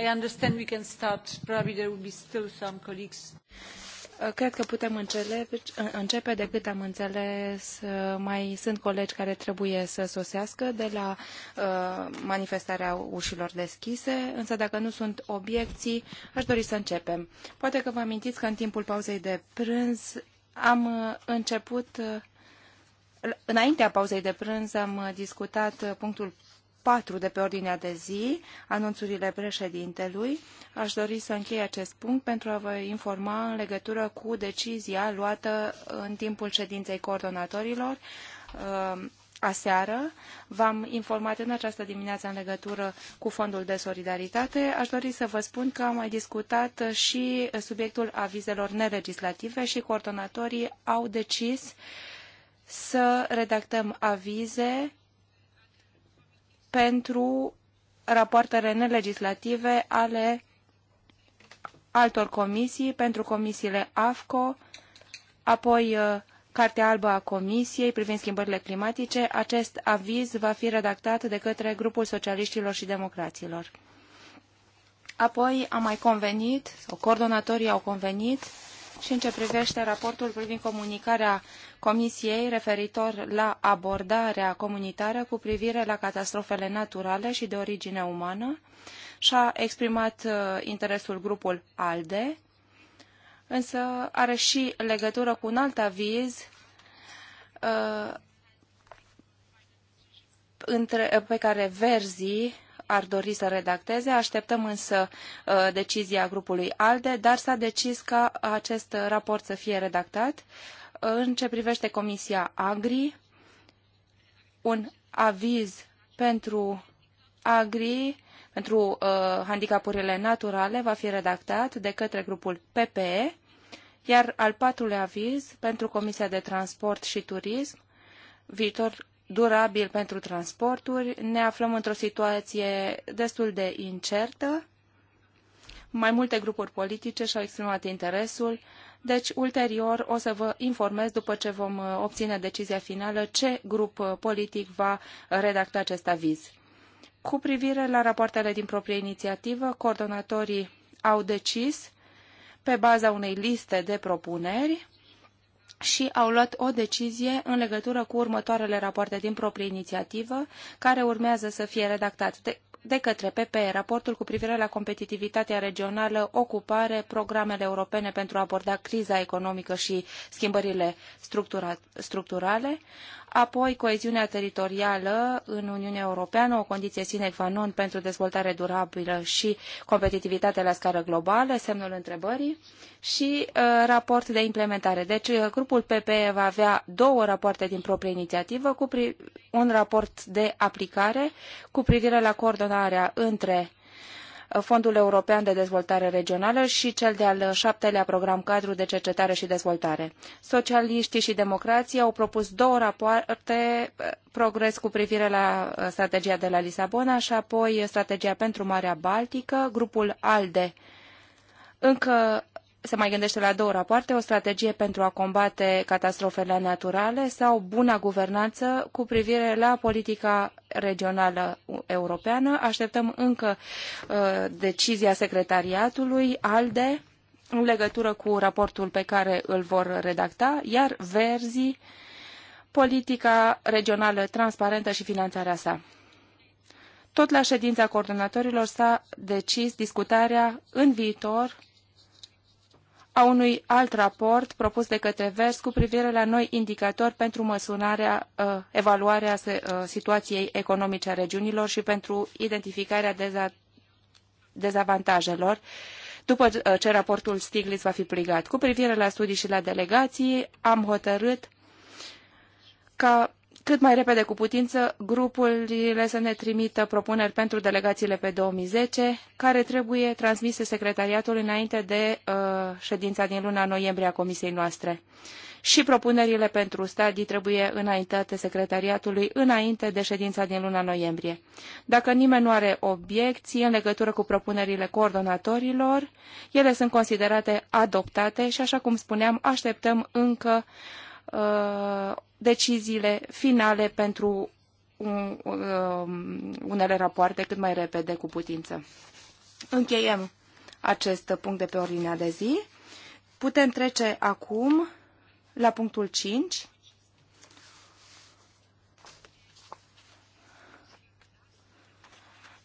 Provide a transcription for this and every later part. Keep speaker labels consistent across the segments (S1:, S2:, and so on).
S1: I understand we can start. Probably there will be still some colleagues.
S2: Uh, cred că putem începe, uh, începe decât am înțeles. Uh, mai sunt colegi care trebuie să sosească de la manifestarea ușilor deschise, însă dacă nu sunt obiecții, aș dori să începem. Poate că vă amintiți că în timpul pauzei de prânz am început, înaintea pauzei de prânz am discutat punctul patru de pe ordinea de zi, anunțurile președintelui. Aș dori să închei acest punct pentru a vă informa în legătură cu decizia luată în timpul ședinței coordonatorilor uh, aseară. V-am informat în această dimineață în legătură cu Fondul de Solidaritate. Aș dori să vă spun că am mai discutat și subiectul avizelor nelegislative și coordonatorii au decis să redactăm avize pentru rapoartele nelegislative ale altor comisii, pentru comisiile AFCO, apoi uh, Cartea Albă a Comisiei privind schimbările climatice. Acest aviz va fi redactat de către grupul socialiștilor și democraților. Apoi am mai convenit, sau coordonatorii au convenit, și în ce privește raportul privind comunicarea Comisiei referitor la abordarea comunitară cu privire la catastrofele naturale și de origine umană și-a exprimat uh, interesul grupul ALDE, însă are și legătură cu un alt aviz uh, pe care verzii ar dori să redacteze. Așteptăm însă uh, decizia grupului ALDE, dar s-a decis ca acest raport să fie redactat. Uh, în ce privește Comisia Agri, un aviz pentru Agri, pentru uh, handicapurile naturale, va fi redactat de către grupul PPE, iar al patrulea aviz pentru Comisia de Transport și Turism, viitor durabil pentru transporturi. Ne aflăm într-o situație destul de incertă. Mai multe grupuri politice și-au exprimat interesul, deci ulterior o să vă informez după ce vom uh, obține decizia finală ce grup uh, politic va uh, redacta acest aviz. Cu privire la rapoartele din proprie inițiativă, coordonatorii au decis pe baza unei liste de propuneri și au luat o decizie în legătură cu următoarele rapoarte din proprie inițiativă, care urmează să fie redactate de, de către PPE, raportul cu privire la competitivitatea regională, ocupare, programele europene pentru a aborda criza economică și schimbările structura, structurale, apoi coeziunea teritorială în Uniunea Europeană, o condiție sine qua non pentru dezvoltare durabilă și competitivitate la scară globală, semnul întrebării, și uh, raport de implementare. Deci, uh, grupul PPE va avea două rapoarte din proprie inițiativă, cu un raport de aplicare cu privire la coordonarea între Fondul European de Dezvoltare Regională și cel de-al șaptelea program cadru de cercetare și dezvoltare. Socialiștii și democrații au propus două rapoarte, progres cu privire la uh, strategia de la Lisabona și apoi strategia pentru Marea Baltică. Grupul ALDE încă se mai gândește la două rapoarte, o strategie pentru a combate catastrofele naturale sau buna guvernanță cu privire la politica regională europeană. Așteptăm încă uh, decizia secretariatului ALDE în legătură cu raportul pe care îl vor redacta, iar verzii politica regională transparentă și finanțarea sa. Tot la ședința coordonatorilor s-a decis discutarea în viitor a unui alt raport propus de către VERS cu privire la noi indicatori pentru măsurarea, uh, evaluarea uh, situației economice a regiunilor și pentru identificarea deza dezavantajelor după uh, ce raportul Stiglitz va fi pligat. Cu privire la studii și la delegații, am hotărât ca cât mai repede cu putință grupurile să ne trimită propuneri pentru delegațiile pe 2010, care trebuie transmise secretariatului înainte de uh, ședința din luna noiembrie a comisiei noastre. Și propunerile pentru stadii trebuie înaintate secretariatului înainte de ședința din luna noiembrie. Dacă nimeni nu are obiecții în legătură cu propunerile coordonatorilor, ele sunt considerate adoptate și, așa cum spuneam, așteptăm încă uh, Uh, deciziile finale pentru un, uh, unele rapoarte cât mai repede cu putință. Încheiem acest punct de pe ordinea de zi. Putem trece acum la punctul 5.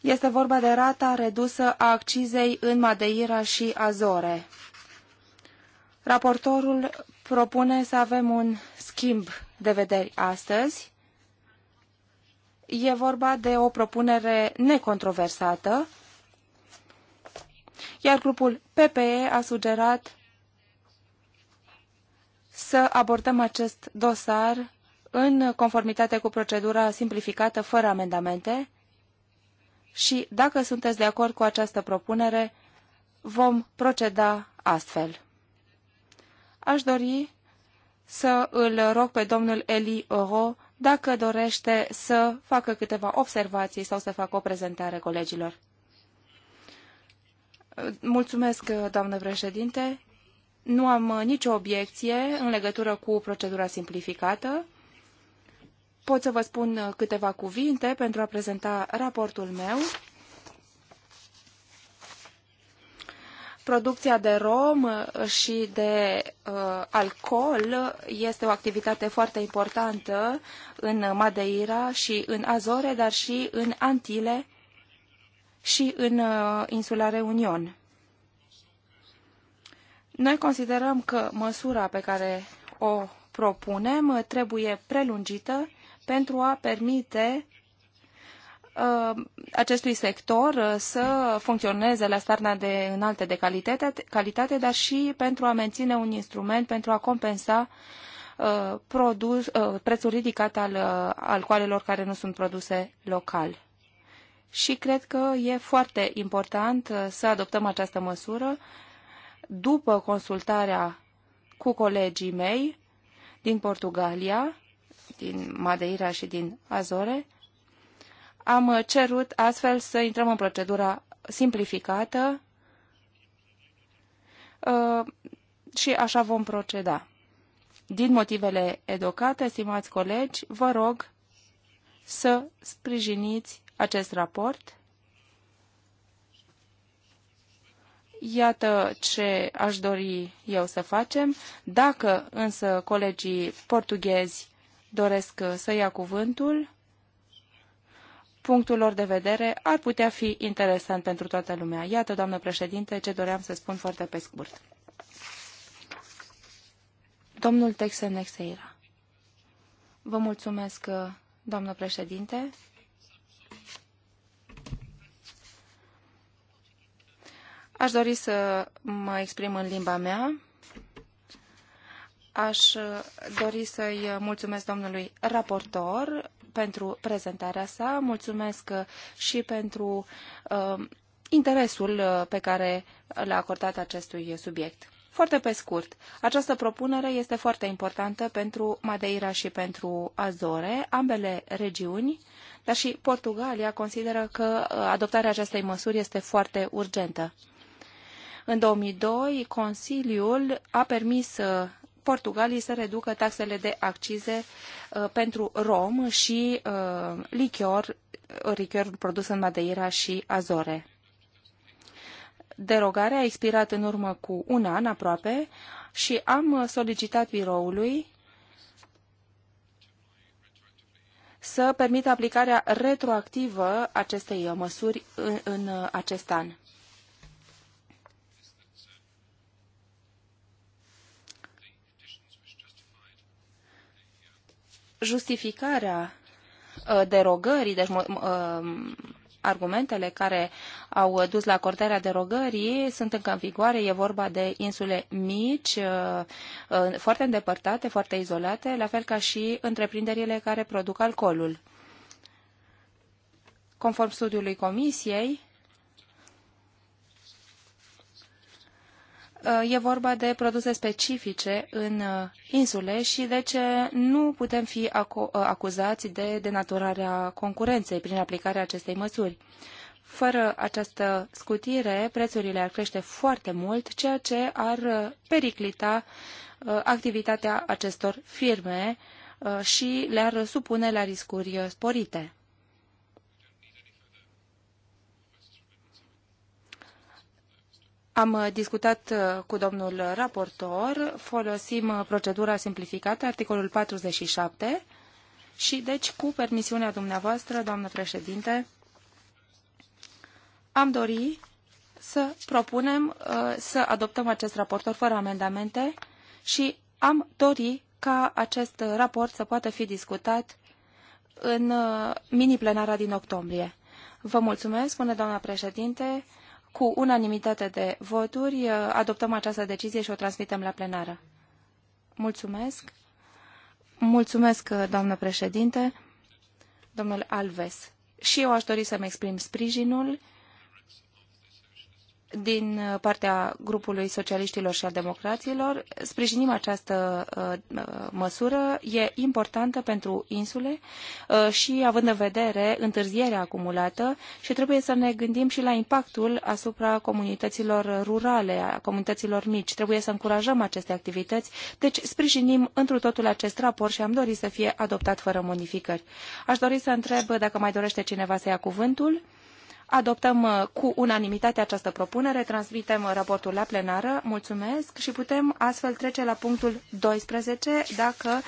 S2: Este vorba de rata redusă a accizei în Madeira și Azore. Raportorul propune să avem un schimb de vederi astăzi. E vorba de o propunere necontroversată, iar grupul PPE a sugerat să abordăm acest dosar în conformitate cu procedura simplificată fără amendamente și, dacă sunteți de acord cu această propunere, vom proceda astfel aș dori să îl rog pe domnul Eli Oro dacă dorește să facă câteva observații sau să facă o prezentare colegilor. Mulțumesc, doamnă președinte. Nu am nicio obiecție în legătură cu procedura simplificată. Pot să vă spun câteva cuvinte pentru a prezenta raportul meu. producția de rom și de uh, alcool este o activitate foarte importantă în Madeira și în Azore, dar și în Antile și în uh, insula Reunion. Noi considerăm că măsura pe care o propunem trebuie prelungită pentru a permite Uh, acestui sector uh, să funcționeze la standarde înalte de calitate, calitate, dar și pentru a menține un instrument pentru a compensa uh, produs, prețul ridicat al uh, alcoalelor care nu sunt produse local. Și cred că e foarte important să adoptăm această măsură după consultarea cu colegii mei din Portugalia, din Madeira și din Azore, am uh, cerut astfel să intrăm în procedura simplificată uh, și așa vom proceda. Din motivele educate, stimați colegi, vă rog să sprijiniți acest raport. Iată ce aș dori eu să facem. Dacă însă colegii portughezi doresc să ia cuvântul, punctul lor de vedere ar putea fi interesant pentru toată lumea. Iată, doamnă președinte, ce doream să spun foarte pe scurt. Domnul Texen Nexeira. Vă mulțumesc, doamnă președinte. Aș dori să mă exprim în limba mea. Aș dori să-i mulțumesc domnului raportor pentru prezentarea sa, mulțumesc uh, și pentru uh, interesul uh, pe care l-a acordat acestui subiect. Foarte pe scurt, această propunere este foarte importantă pentru Madeira și pentru Azore, ambele regiuni, dar și Portugalia consideră că uh, adoptarea acestei măsuri este foarte urgentă. În 2002, Consiliul a permis Portugalii să reducă taxele de accize uh, pentru rom și uh, lichior, uh, lichior produs în Madeira și Azore. Derogarea a expirat în urmă cu un an aproape și am solicitat biroului să permită aplicarea retroactivă acestei măsuri în, în acest an. justificarea uh, derogării, deci uh, argumentele care au dus la acordarea derogării sunt încă în vigoare. E vorba de insule mici, uh, foarte îndepărtate, foarte izolate, la fel ca și întreprinderile care produc alcoolul. Conform studiului Comisiei, Uh, e vorba de produse specifice în uh, insule și deci nu putem fi acu uh, acuzați de denaturarea concurenței prin aplicarea acestei măsuri. Fără această scutire, prețurile ar crește foarte mult, ceea ce ar periclita activitatea acestor firme și le-ar supune la riscuri sporite. Am uh, discutat uh, cu domnul raportor, folosim uh, procedura simplificată, articolul 47, și deci, cu permisiunea dumneavoastră, doamnă președinte, am dori să propunem să adoptăm acest raportor fără amendamente și am dori ca acest raport să poată fi discutat în mini-plenara din octombrie. Vă mulțumesc, spune doamna președinte cu unanimitate de voturi, uh, adoptăm această decizie și o transmitem la plenară. Mulțumesc. Mulțumesc, uh, doamnă președinte, domnul Alves. Și eu aș dori să-mi exprim sprijinul din uh, partea grupului socialiștilor și a democraților. Sprijinim această uh, uh, măsură, e importantă pentru insule și având în vedere întârzierea acumulată și trebuie să ne gândim și la impactul asupra comunităților rurale, a comunităților mici. Trebuie să încurajăm aceste activități, deci sprijinim întru totul acest raport și am dorit să fie adoptat fără modificări. Aș dori să întreb dacă mai dorește cineva să ia cuvântul adoptăm uh, cu unanimitate această propunere, transmitem uh, raportul la plenară, mulțumesc, și putem astfel trece la punctul 12, dacă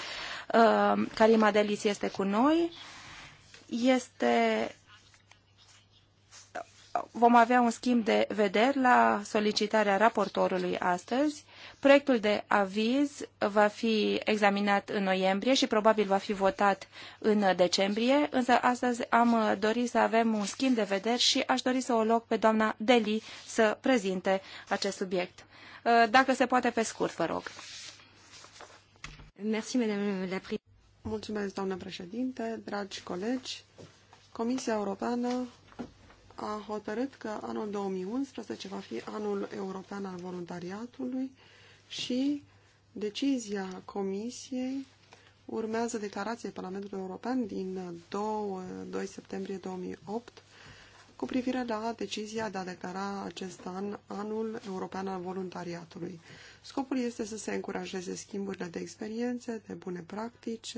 S2: uh, Karima Delis este cu noi. Este uh, vom avea un schimb de vederi la solicitarea raportorului astăzi Proiectul de aviz va fi examinat în noiembrie și probabil va fi votat în decembrie, însă astăzi am dorit să avem un schimb de vederi și aș dori să o loc pe doamna Deli să prezinte acest subiect.
S3: Uh, dacă se poate pe scurt, vă rog. Mulțumesc, doamnă președinte, dragi colegi. Comisia Europeană a hotărât că anul 2011 va fi anul european al voluntariatului și decizia Comisiei urmează declarația Parlamentului European din 2, 2 septembrie 2008 cu privire la decizia de a declara acest an anul european al voluntariatului. Scopul este să se încurajeze schimburile de experiențe, de bune practici,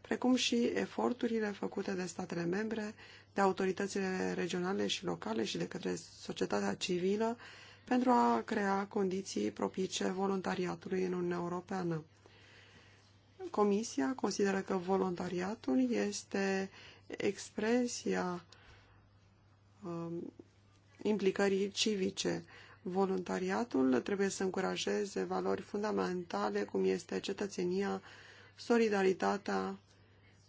S3: precum și eforturile făcute de statele membre, de autoritățile regionale și locale și de către societatea civilă pentru a crea condiții propice voluntariatului în Uniunea Europeană. Comisia consideră că voluntariatul este expresia um, implicării civice. Voluntariatul trebuie să încurajeze valori fundamentale, cum este cetățenia, solidaritatea,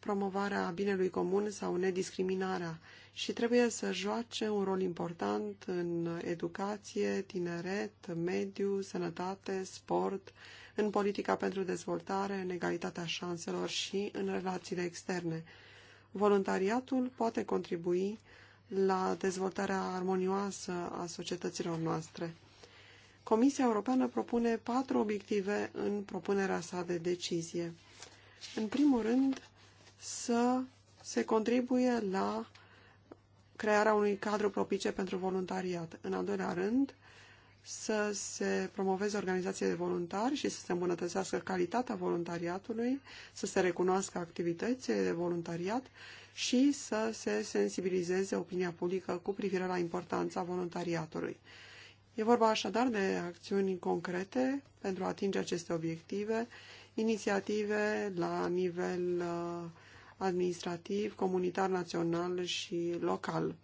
S3: promovarea binelui comun sau nediscriminarea și trebuie să joace un rol important în educație, tineret, mediu, sănătate, sport, în politica pentru dezvoltare, în egalitatea șanselor și în relațiile externe. Voluntariatul poate contribui la dezvoltarea armonioasă a societăților noastre. Comisia Europeană propune patru obiective în propunerea sa de decizie. În primul rând, să se contribuie la crearea unui cadru propice pentru voluntariat. În al doilea rând, să se promoveze organizația de voluntari și să se îmbunătățească calitatea voluntariatului, să se recunoască activitățile de voluntariat și să se sensibilizeze opinia publică cu privire la importanța voluntariatului. E vorba așadar de acțiuni concrete pentru a atinge aceste obiective, inițiative la nivel uh, administrativ, comunitar, național și local.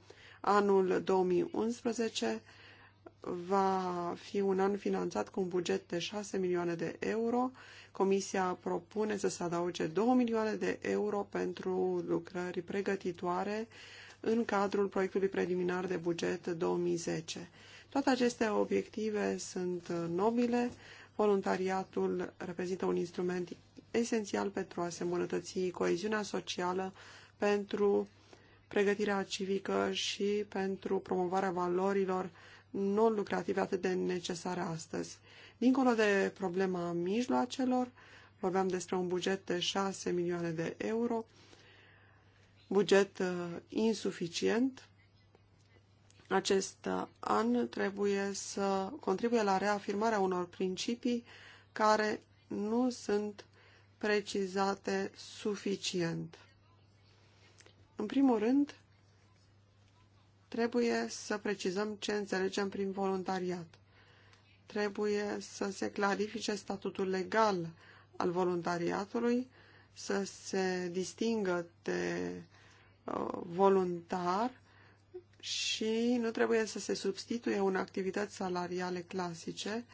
S3: Anul 2011 va fi un an finanțat cu un buget de 6 milioane de euro. Comisia propune să se adauge 2 milioane de euro pentru lucrări pregătitoare în cadrul proiectului preliminar de buget 2010. Toate aceste obiective sunt nobile. Voluntariatul reprezintă un instrument esențial pentru a se îmbunătăți coeziunea socială, pentru pregătirea civică și pentru promovarea valorilor non-lucrative atât de necesare astăzi. Dincolo de problema mijloacelor, vorbeam despre un buget de 6 milioane de euro, buget uh, insuficient. Acest uh, an trebuie să contribuie la reafirmarea unor principii care nu sunt precizate suficient. În primul rând, trebuie să precizăm ce înțelegem prin voluntariat. Trebuie să se clarifice statutul legal al voluntariatului, să se distingă de uh, voluntar și nu trebuie să se substituie în activități salariale clasice,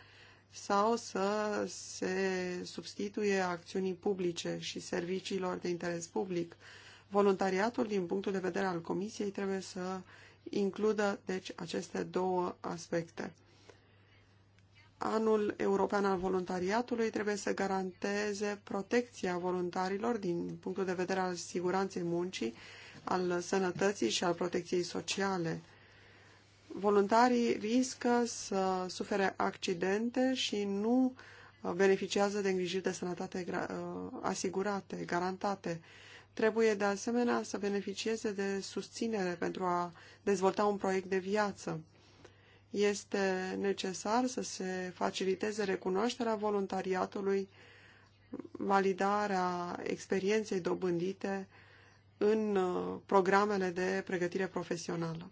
S3: sau să se substituie acțiunii publice și serviciilor de interes public. Voluntariatul, din punctul de vedere al Comisiei, trebuie să includă deci aceste două aspecte. Anul European al Voluntariatului trebuie să garanteze protecția voluntarilor din punctul de vedere al siguranței muncii, al sănătății și al protecției sociale voluntarii riscă să sufere accidente și nu uh, beneficiază de îngrijiri de sănătate uh, asigurate, garantate. Trebuie de asemenea să beneficieze de susținere pentru a dezvolta un proiect de viață. Este necesar să se faciliteze recunoașterea voluntariatului, validarea experienței dobândite în uh, programele de pregătire profesională.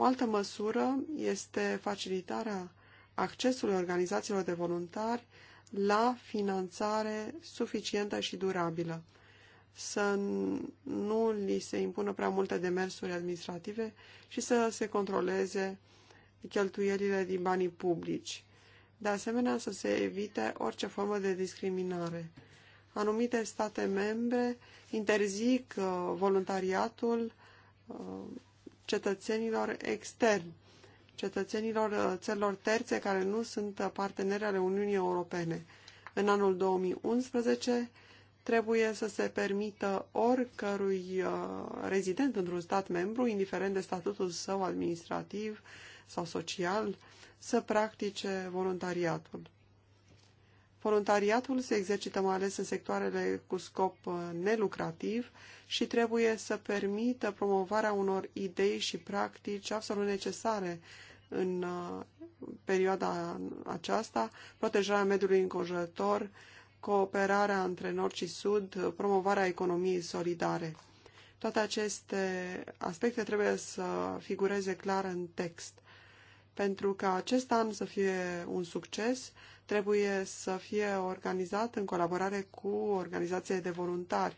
S3: O altă măsură este facilitarea accesului organizațiilor de voluntari la finanțare suficientă și durabilă. Să nu li se impună prea multe demersuri administrative și să se controleze cheltuielile din banii publici. De asemenea, să se evite orice formă de discriminare. Anumite state membre interzic uh, voluntariatul uh, cetățenilor externi, cetățenilor uh, țărilor terțe care nu sunt uh, parteneri ale Uniunii Europene. În anul 2011 trebuie să se permită oricărui uh, rezident într-un stat membru, indiferent de statutul său administrativ sau social, să practice voluntariatul. Voluntariatul se exercită mai ales în sectoarele cu scop uh, nelucrativ și trebuie să permită promovarea unor idei și practici absolut necesare în uh, perioada aceasta, protejarea mediului înconjurător, cooperarea între nord și sud, promovarea economiei solidare. Toate aceste aspecte trebuie să figureze clar în text. Pentru ca acest an să fie un succes, trebuie să fie organizat în colaborare cu organizațiile de voluntari.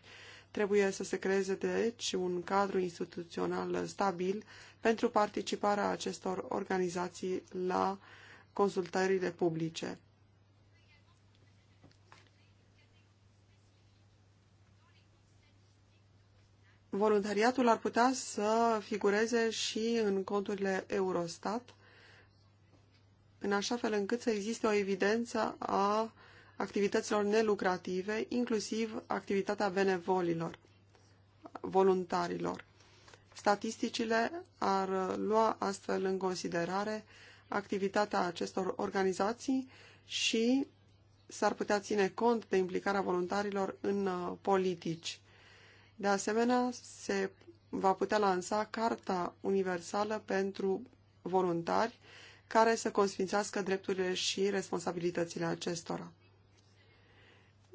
S3: Trebuie să se creeze, deci, un cadru instituțional stabil pentru participarea acestor organizații la consultările publice. Voluntariatul ar putea să figureze și în conturile Eurostat, în așa fel încât să existe o evidență a activităților nelucrative, inclusiv activitatea benevolilor, voluntarilor. Statisticile ar lua astfel în considerare activitatea acestor organizații și s-ar putea ține cont de implicarea voluntarilor în uh, politici. De asemenea, se va putea lansa Carta Universală pentru Voluntari, care să consfințească drepturile și responsabilitățile acestora.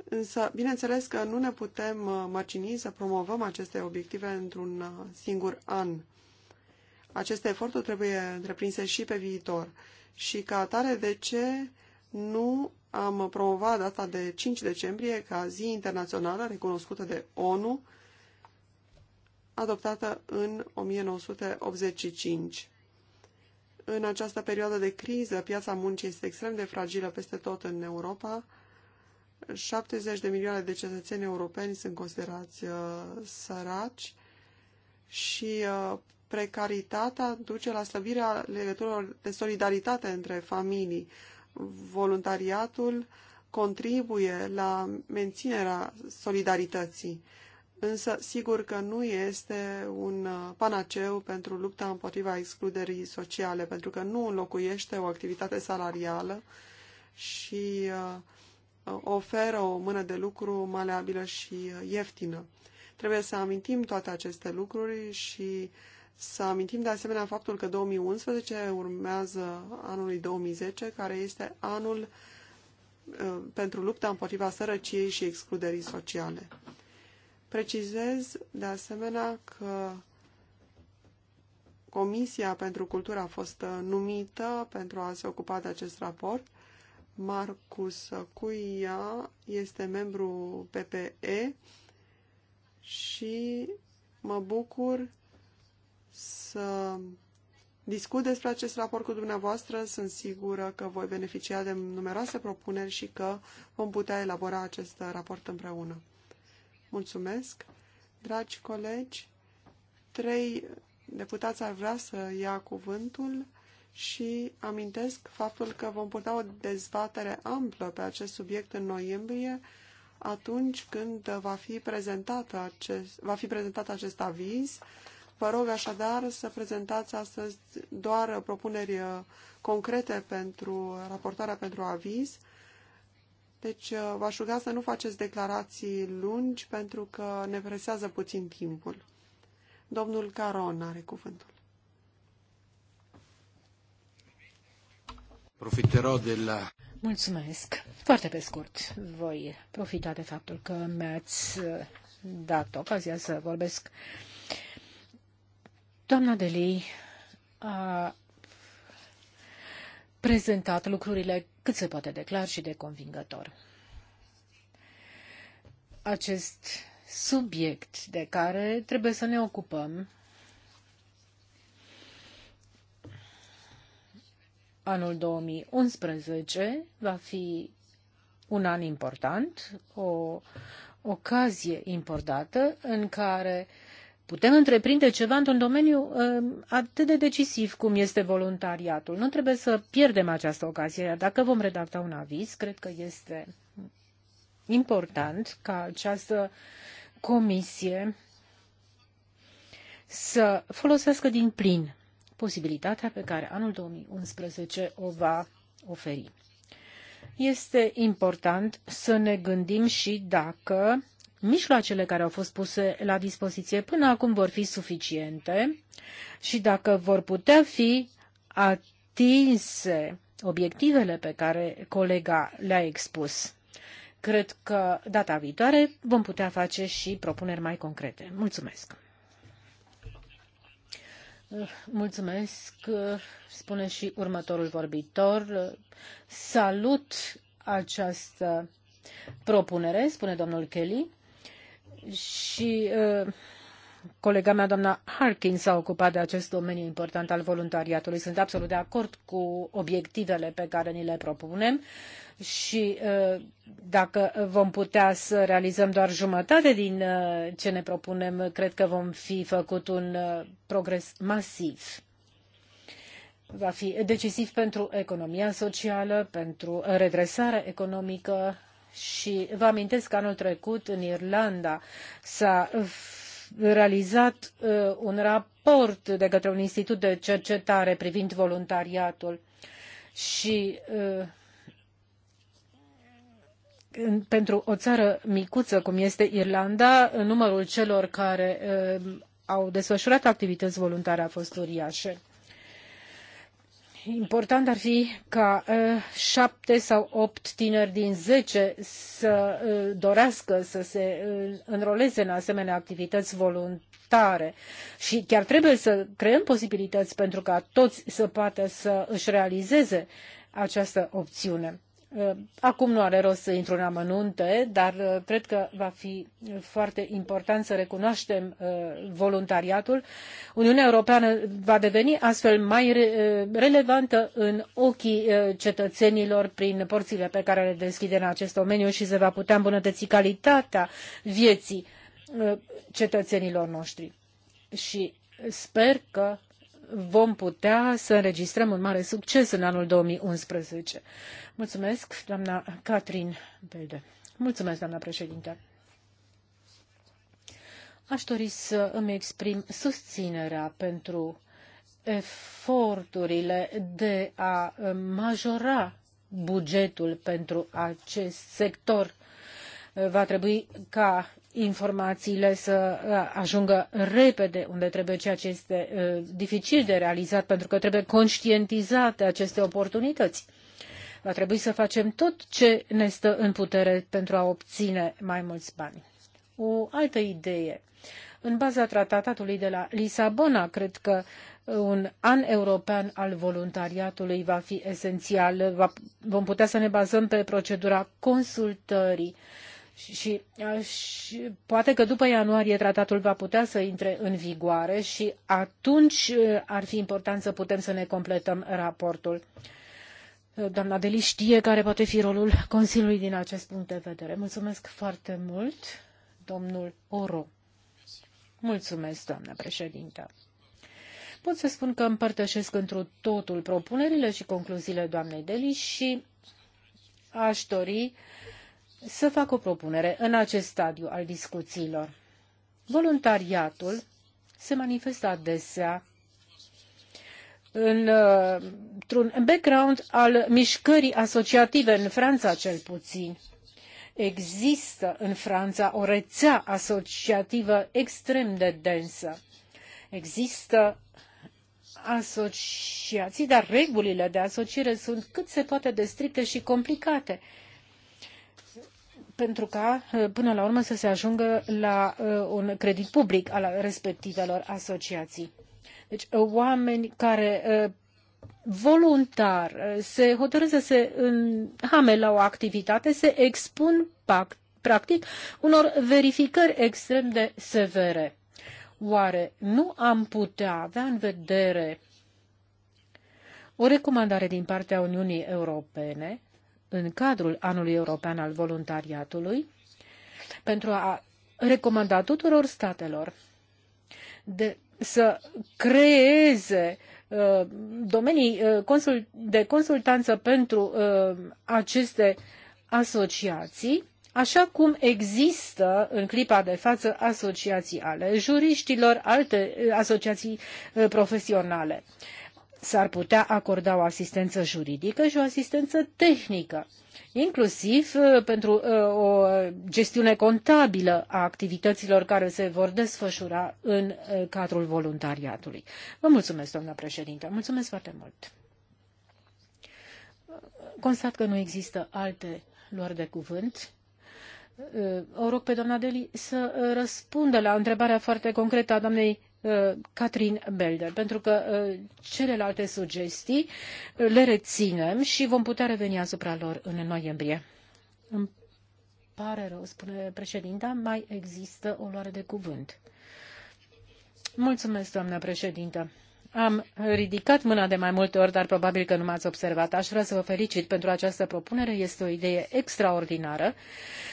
S3: Însă, bineînțeles că nu ne putem uh, mărcini să promovăm aceste obiective într-un uh, singur an. Aceste eforturi trebuie întreprinse și pe viitor. Și ca atare, de ce nu am promovat data de 5 decembrie ca zi internațională recunoscută de ONU, adoptată în 1985? în această perioadă de criză, piața muncii este extrem de fragilă peste tot în Europa. 70 de milioane de cetățeni europeni sunt considerați uh, săraci și uh, precaritatea duce la slăbirea legăturilor de solidaritate între familii. Voluntariatul contribuie la menținerea solidarității. Uh, însă sigur că nu este un uh, panaceu pentru lupta împotriva excluderii sociale, pentru că nu înlocuiește o activitate salarială și uh, oferă o mână de lucru maleabilă și uh, ieftină. Trebuie să amintim toate aceste lucruri și să amintim de asemenea faptul că 2011 urmează anului 2010, care este anul pentru lupta împotriva sărăciei și excluderii sociale. Precizez, de asemenea, că Comisia pentru Cultură a fost numită pentru a se ocupa de acest raport. Marcus Cuia este membru PPE și mă bucur să discut despre acest raport cu dumneavoastră. Sunt sigură că voi beneficia de numeroase propuneri și că vom putea elabora acest raport împreună. Mulțumesc. Dragi colegi, trei deputați ar vrea să ia cuvântul și amintesc faptul că vom purta o dezbatere amplă pe acest subiect în noiembrie, atunci când va fi prezentat acest, va fi prezentat acest aviz. Vă rog așadar să prezentați astăzi doar propuneri uh, concrete pentru raportarea pentru aviz deci uh, v-aș ruga să nu faceți declarații lungi pentru că ne presează puțin timpul. Domnul Caron are cuvântul.
S4: Profiterò della...
S1: Mulțumesc. Foarte pe scurt, voi profita de faptul că mi-ați uh, dat ocazia să vorbesc. Doamna Deli a prezentat lucrurile cât se poate de clar și de convingător. Acest subiect de care trebuie să ne ocupăm anul 2011 va fi un an important, o ocazie importantă în care uh, putem întreprinde ceva într-un domeniu uh, atât de decisiv cum este voluntariatul. Nu trebuie să pierdem această ocazie, iar dacă vom redacta un aviz, cred că este important ca această comisie să folosească din plin posibilitatea pe care anul 2011 o va oferi. Este important să ne gândim și dacă mijloacele care au fost puse la dispoziție până acum vor fi suficiente și dacă vor putea fi atinse obiectivele pe care colega le-a expus. Cred că data viitoare vom putea face și propuneri mai concrete. Mulțumesc! Uh, mulțumesc, uh, spune și următorul vorbitor. Salut această propunere, spune domnul Kelly și colega mea, doamna Harkin, s-a ocupat de acest domeniu important al voluntariatului. Sunt absolut de acord cu obiectivele pe care ni le propunem și dacă vom putea să realizăm doar jumătate din ce ne propunem, cred că vom fi făcut un progres masiv. Va fi decisiv pentru economia socială, pentru redresarea economică și vă amintesc că anul trecut în Irlanda s-a realizat uh, un raport de către un institut de cercetare privind voluntariatul și uh, pentru o țară micuță cum este Irlanda, numărul celor care uh, au desfășurat activități voluntare a fost uriașe important ar fi ca ă, șapte sau opt tineri din zece să ă, dorească să se ă, înroleze în asemenea activități voluntare și chiar trebuie să creăm posibilități pentru ca toți să poată să își realizeze această opțiune. Eh, acum nu are rost să intru în amănunte, dar eh, cred că va fi eh, foarte important să recunoaștem voluntariatul. Uniunea Europeană va deveni astfel mai relevantă în ochii cetățenilor prin porțile pe care le deschide în acest domeniu și se va putea îmbunătăți calitatea vieții cetățenilor noștri. Și sper că vom putea să înregistrăm un mare succes în anul 2011. Mulțumesc, doamna Catrin Belde. Mulțumesc, doamna președinte. Aș dori să îmi exprim susținerea pentru eforturile de a majora bugetul pentru acest sector. Va trebui ca informațiile să uh, ajungă repede unde trebuie, ceea ce este uh, dificil de realizat, pentru că trebuie conștientizate aceste oportunități. Va trebui să facem tot ce ne stă în putere pentru a obține mai mulți bani. O altă idee. În baza tratatului de la Lisabona, cred că un an european al voluntariatului va fi esențial. vom putea să ne bazăm pe procedura consultării și poate că după ianuarie tratatul va putea să intre în vigoare și atunci ar fi important să putem să ne completăm raportul. Doamna Deli știe care poate fi rolul Consiliului din acest punct de vedere. Mulțumesc foarte mult, domnul Oro. Mulțumesc, doamnă președintă. Pot să spun că împărtășesc întru totul propunerile și concluziile doamnei Deli și aș dori să fac o propunere în acest stadiu al discuțiilor. Voluntariatul se manifestă adesea în, într-un background al mișcării asociative, în Franța cel puțin. Există în Franța o rețea asociativă extrem de densă. Există asociații, dar regulile de asociere sunt cât se poate de stricte și complicate. Uh, pentru ca, uh, până la urmă, să se ajungă la uh, un credit public al respectivelor asociații. Deci, uh, oameni care voluntar se hotărăsc să se înhame la o activitate, se expun practic unor verificări extrem de severe. Oare nu am putea avea în vedere o recomandare din partea Uniunii Europene în cadrul anului european al voluntariatului pentru a recomanda tuturor statelor de, să creeze uh, domenii uh, consult, de consultanță pentru uh, aceste asociații, așa cum există în clipa de față asociații ale juriștilor, alte uh, asociații uh, profesionale. Uh, s-ar putea acorda o asistență juridică și o asistență tehnică, inclusiv uh, pentru uh, o gestiune contabilă a activităților care se vor desfășura în uh, cadrul voluntariatului. Vă mulțumesc, doamna președinte. Mulțumesc foarte mult. Constat că nu există alte luări de cuvânt. O rog pe doamna Deli să răspundă la întrebarea foarte concretă a doamnei Uh, Catherine Belder, pentru că uh, celelalte sugestii uh, le reținem și vom putea reveni asupra lor în noiembrie. Îmi pare rău, spune președinta, mai există o luare de cuvânt. Mulțumesc, doamnă președintă. Am ridicat mâna de mai multe ori, dar probabil că nu m-ați observat. Aș vrea să vă felicit pentru această propunere. Este o idee extraordinară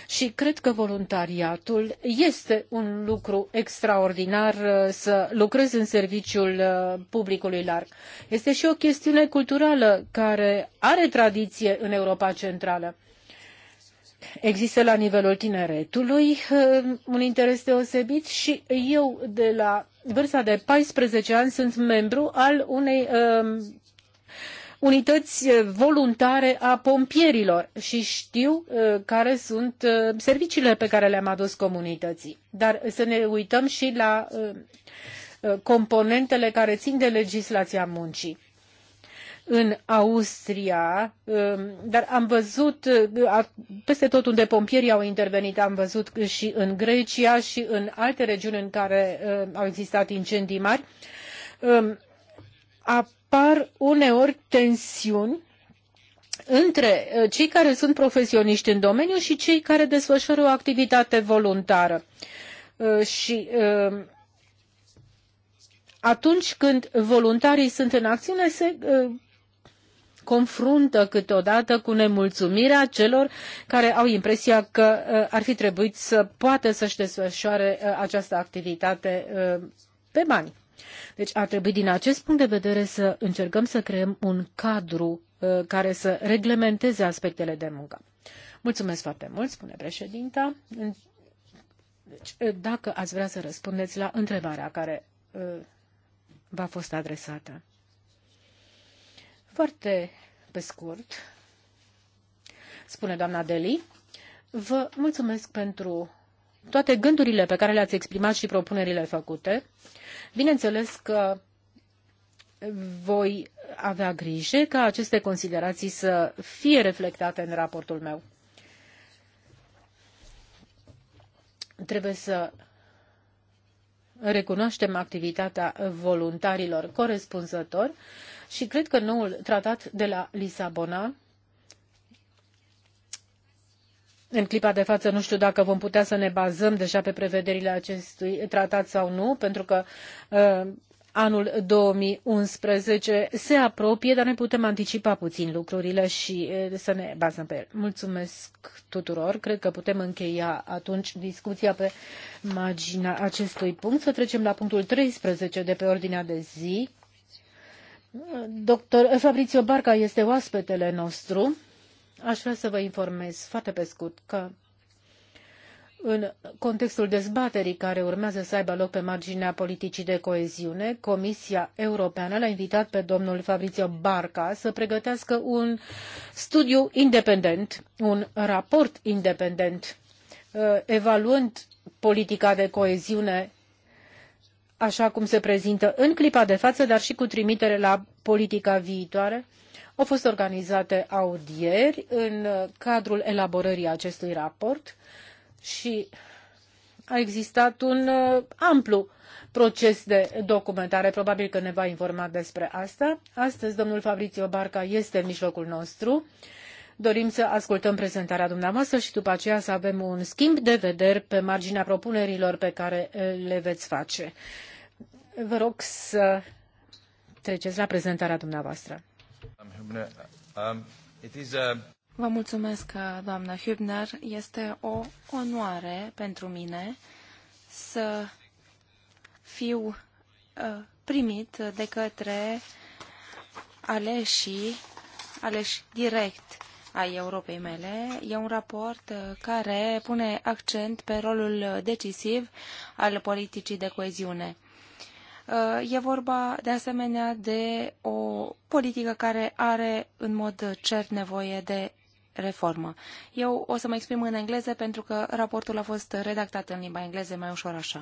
S1: și cred că voluntariatul este un lucru extraordinar uh, să lucrezi în serviciul uh, publicului larg. Este și o chestiune culturală care are tradiție în Europa Centrală. Există la nivelul tineretului uh, un interes deosebit și eu de la vârsta de 14 ani sunt membru al unei um, uh, unități voluntare a pompierilor și știu uh, care sunt uh, serviciile pe care le-am adus comunității. Dar să ne uităm și la uh, uh, componentele care țin de legislația muncii în Austria, um, dar am văzut uh, peste tot unde pompierii au intervenit, am văzut și în Grecia și în alte regiuni în care uh, au existat incendii mari, um, apar uneori tensiuni între uh, cei care sunt profesioniști în domeniu și cei care desfășoară o activitate voluntară. Și um, atunci când voluntarii sunt în acțiune, se confruntă câteodată cu nemulțumirea celor care au impresia că uh, ar fi trebuit să poată să-și desfășoare uh, această activitate uh, pe bani. Deci ar trebui din acest punct de vedere să încercăm să creăm un cadru care să reglementeze aspectele de muncă. Mulțumesc foarte mult, spune președinta. Deci, dacă ați vrea să răspundeți la întrebarea care v-a fost adresată. Foarte pe scurt, spune doamna Deli, vă mulțumesc pentru toate gândurile pe care le-ați exprimat și propunerile făcute. Bineînțeles că voi avea grijă ca aceste considerații să fie reflectate în raportul meu. Trebuie să recunoaștem activitatea voluntarilor corespunzători și cred că noul tratat de la Lisabona în clipa de față nu știu dacă vom putea să ne bazăm deja pe prevederile acestui tratat sau nu pentru că uh, anul 2011 se apropie dar ne putem anticipa puțin lucrurile și uh, să ne bazăm pe el. Mulțumesc tuturor. Cred că putem încheia atunci discuția pe marginea acestui punct. Să trecem la punctul 13 de pe ordinea de zi. Doctor Fabrizio Barca este oaspetele nostru. Aș vrea să vă informez foarte pe scurt că în contextul dezbaterii care urmează să aibă loc pe marginea politicii de coeziune, Comisia Europeană l-a invitat pe domnul Fabrizio Barca să pregătească un studiu independent, un raport independent, uh, evaluând politica de coeziune așa cum se prezintă în clipa de față, dar și cu trimitere la politica viitoare. Au fost organizate audieri în cadrul elaborării acestui raport și a existat un uh, amplu proces de documentare. Probabil că ne va informa despre asta. Astăzi, domnul Fabrizio Barca este în mijlocul nostru. Dorim să ascultăm prezentarea dumneavoastră și după aceea să avem un schimb de vederi pe marginea propunerilor pe care uh, le veți face. Vă rog să treceți la prezentarea dumneavoastră. Um,
S2: Vă mulțumesc, doamnă Hübner. Este o onoare pentru mine să fiu uh, primit de către aleșii, aleși direct ai Europei mele. E un raport uh, care pune accent pe rolul decisiv al politicii de coeziune. Uh, e vorba de asemenea de o politică care are în mod cer nevoie de reformă. Eu o să mă exprim în engleză pentru că raportul a fost redactat în limba engleză mai ușor așa.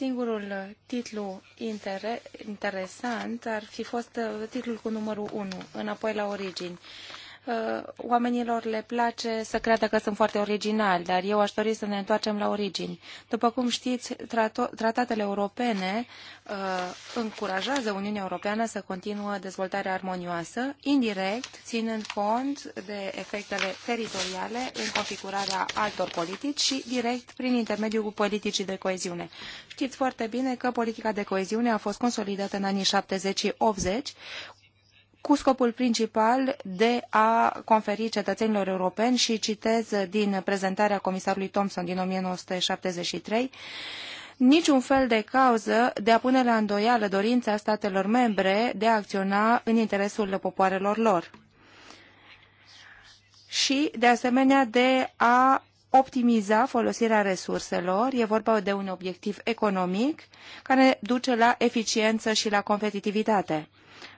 S2: Singurul uh, titlu inter interesant ar fi fost uh, titlul cu numărul 1, înapoi la origini. Uh, oamenilor le place să creadă că sunt foarte originali, dar eu aș dori să ne întoarcem la origini. După cum știți, tratatele europene uh, încurajează Uniunea Europeană să continuă dezvoltarea armonioasă, indirect, ținând cont de efectele teritoriale în configurarea altor politici și direct prin intermediul politicii de coeziune. Știți foarte bine că politica de coeziune a fost consolidată în anii 70-80 cu scopul principal de a conferi cetățenilor europeni și citez din prezentarea comisarului Thompson din 1973 niciun fel de cauză de a pune la îndoială dorința statelor membre de a acționa în interesul popoarelor lor și, de asemenea, de a optimiza folosirea resurselor. E vorba de un obiectiv economic care duce la eficiență și la competitivitate.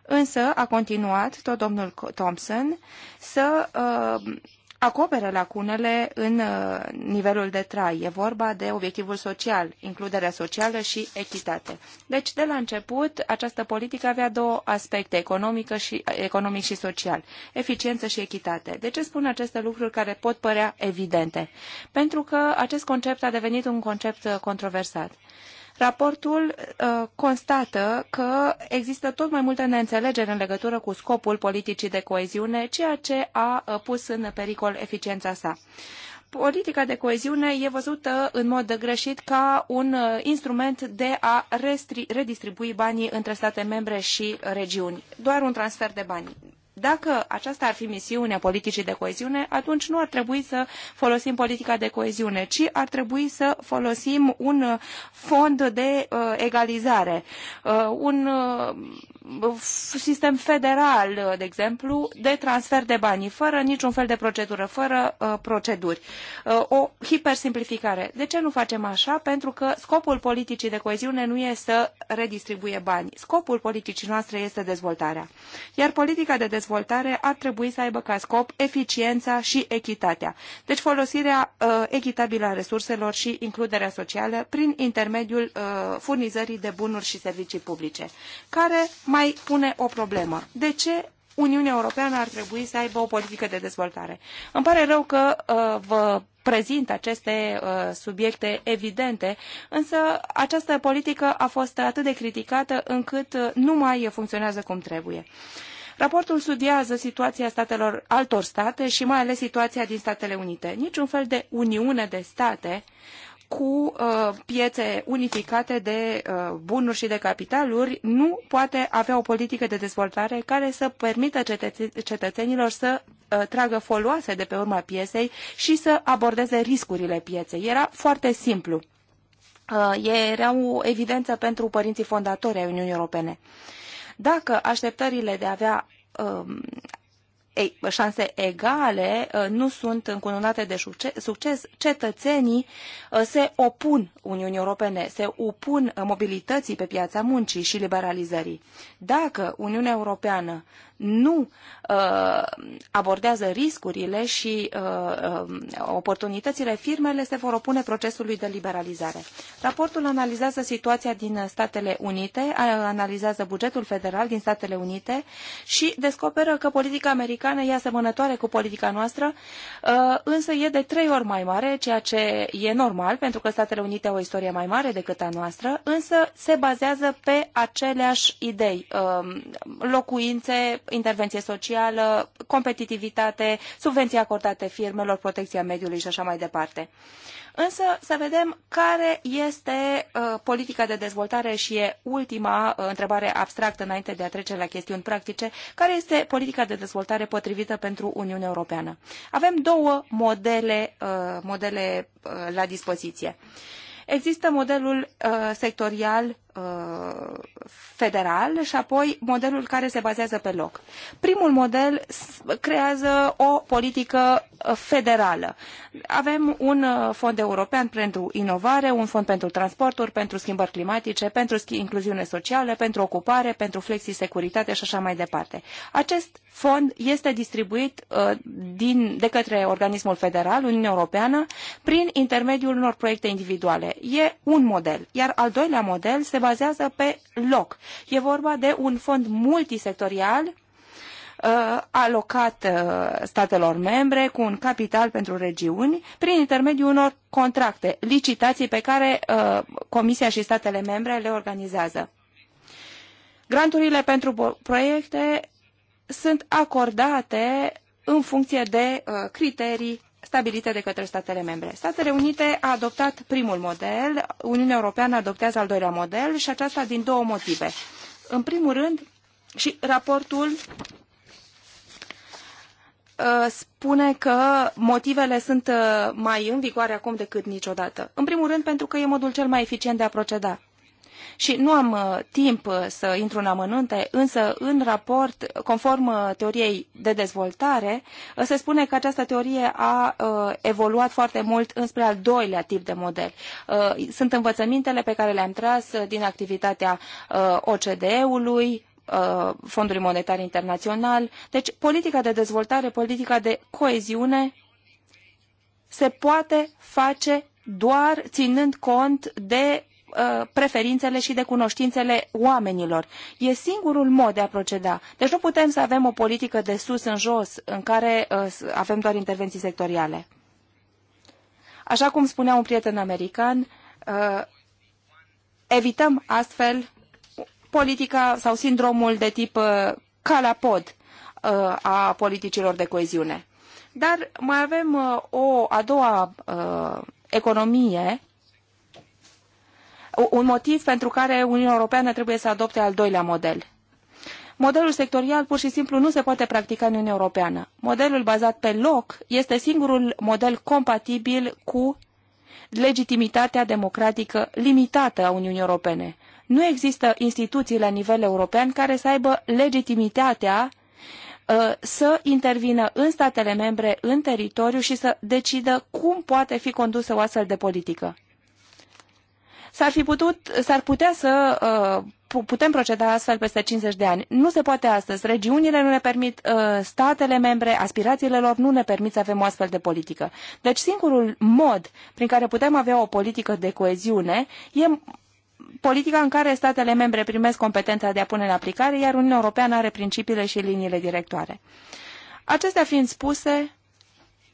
S2: Însă a continuat tot domnul Thompson să uh, acopere lacunele în uh, nivelul de trai. E vorba de obiectivul social, includerea socială și echitate. Deci, de la început, această politică avea două aspecte, economică și, economic și social, eficiență și echitate. De ce spun aceste lucruri care pot părea evidente? Pentru că acest concept a devenit un concept uh, controversat. Raportul uh, constată că există tot mai multe neînțelegeri în legătură cu scopul politicii de coeziune, ceea ce a uh, pus în pericol eficiența sa politica de coeziune e văzută în mod greșit ca un uh, instrument de a redistribui banii între state membre și regiuni. Doar un transfer de bani. Dacă aceasta ar fi misiunea politicii de coeziune, atunci nu ar trebui să folosim politica de coeziune, ci ar trebui să folosim un fond de uh, egalizare, uh, un uh, sistem federal, de exemplu, de transfer de bani, fără niciun fel de procedură, fără uh, proceduri. Uh, o hipersimplificare. De ce nu facem așa? Pentru că scopul politicii de coeziune nu este să redistribuie bani. Scopul politicii noastre este dezvoltarea. Iar politica de dezvoltare ar trebui să aibă ca scop eficiența și echitatea. Deci folosirea uh, echitabilă a resurselor și includerea socială prin intermediul uh, furnizării de bunuri și servicii publice, care mai pune o problemă. De ce Uniunea Europeană ar trebui să aibă o politică de dezvoltare? Îmi pare rău că uh, vă prezint aceste uh, subiecte evidente, însă această politică a fost atât de criticată încât uh, nu mai funcționează cum trebuie. Raportul studiază situația statelor altor state și mai ales situația din Statele Unite. Niciun fel de uniune de state cu uh, piețe unificate de uh, bunuri și de capitaluri nu poate avea o politică de dezvoltare care să permită cetăț- cetățenilor să uh, tragă foloase de pe urma piesei și să abordeze riscurile pieței. Era foarte simplu. Uh, era o evidență pentru părinții fondatori ai Uniunii Europene. Dacă așteptările de a avea um, șanse egale uh, nu sunt încununate de succes, cetățenii uh, se opun Uniunii Europene, se opun uh, mobilității pe piața muncii și liberalizării. Dacă Uniunea Europeană nu uh, abordează riscurile și uh, uh, oportunitățile, firmele se vor opune procesului de liberalizare. Raportul analizează situația din Statele Unite, analizează bugetul federal din Statele Unite și descoperă că politica americană e asemănătoare cu politica noastră, uh, însă e de trei ori mai mare, ceea ce e normal, pentru că Statele Unite au o istorie mai mare decât a noastră, însă se bazează pe aceleași idei, uh, locuințe, intervenție socială, competitivitate, subvenții acordate firmelor, protecția mediului și așa mai departe. Însă să vedem care este uh, politica de dezvoltare și e ultima uh, întrebare abstractă înainte de a trece la chestiuni practice, care este politica de dezvoltare potrivită pentru Uniunea Europeană. Avem două modele, uh, modele uh, la dispoziție. Există modelul uh, sectorial Uh, federal și apoi modelul care se bazează pe loc. Primul model creează o politică uh, federală. Avem un uh, fond european pentru inovare, un fond pentru transporturi, pentru schimbări climatice, pentru incluziune socială, pentru ocupare, pentru flexi-securitate și așa mai departe. Acest fond este distribuit din, de către organismul federal, Uniunea Europeană, prin intermediul unor proiecte individuale. E un model. Iar al doilea model se bazează pe loc. E vorba de un fond multisectorial uh, alocat uh, statelor membre cu un capital pentru regiuni prin intermediul unor contracte, licitații pe care uh, Comisia și statele membre le organizează. Granturile pentru proiecte sunt acordate în funcție de criterii stabilite de către statele membre. Statele Unite a adoptat primul model, Uniunea Europeană adoptează al doilea model și aceasta din două motive. În primul rând, și raportul uh, spune că motivele sunt uh, mai în vigoare acum decât niciodată. În primul rând, pentru că e modul cel mai eficient de a proceda și nu am uh, timp uh, să intru în amănunte, însă în raport, conform uh, teoriei de dezvoltare, se spune că această teorie a evoluat foarte mult înspre al doilea tip de model. sunt învățămintele pe care le-am tras din activitatea OCDE-ului, Fondului Monetar Internațional. Deci, politica de dezvoltare, politica de coeziune se poate face doar ținând cont de Uh, preferințele și de cunoștințele oamenilor. E singurul mod de a proceda. Deci nu putem să avem o politică de sus în jos, în care uh, avem doar intervenții sectoriale. Așa cum spunea un prieten american, uh, evităm astfel politica sau sindromul de tip calapod a politicilor de coeziune. Dar mai avem o a doua economie un motiv pentru care Uniunea Europeană trebuie să adopte al doilea model. Modelul sectorial pur și simplu nu se poate practica în Uniunea Europeană. Modelul bazat pe loc este singurul model compatibil cu legitimitatea democratică limitată a Uniunii Europene. Nu există instituții la nivel european care să aibă legitimitatea ă, să intervină în statele membre, în teritoriu și să decidă cum poate fi condusă o astfel de politică s-ar, fi putut, s-ar putea să uh, putem proceda astfel peste 50 de ani. Nu se poate astăzi. Regiunile nu ne permit, uh, statele membre, aspirațiile lor nu ne permit să avem o astfel de politică. Deci singurul mod prin care putem avea o politică de coeziune e politica în care statele membre primesc competența de a pune în aplicare, iar Uniunea Europeană are principiile și liniile directoare. Acestea fiind spuse,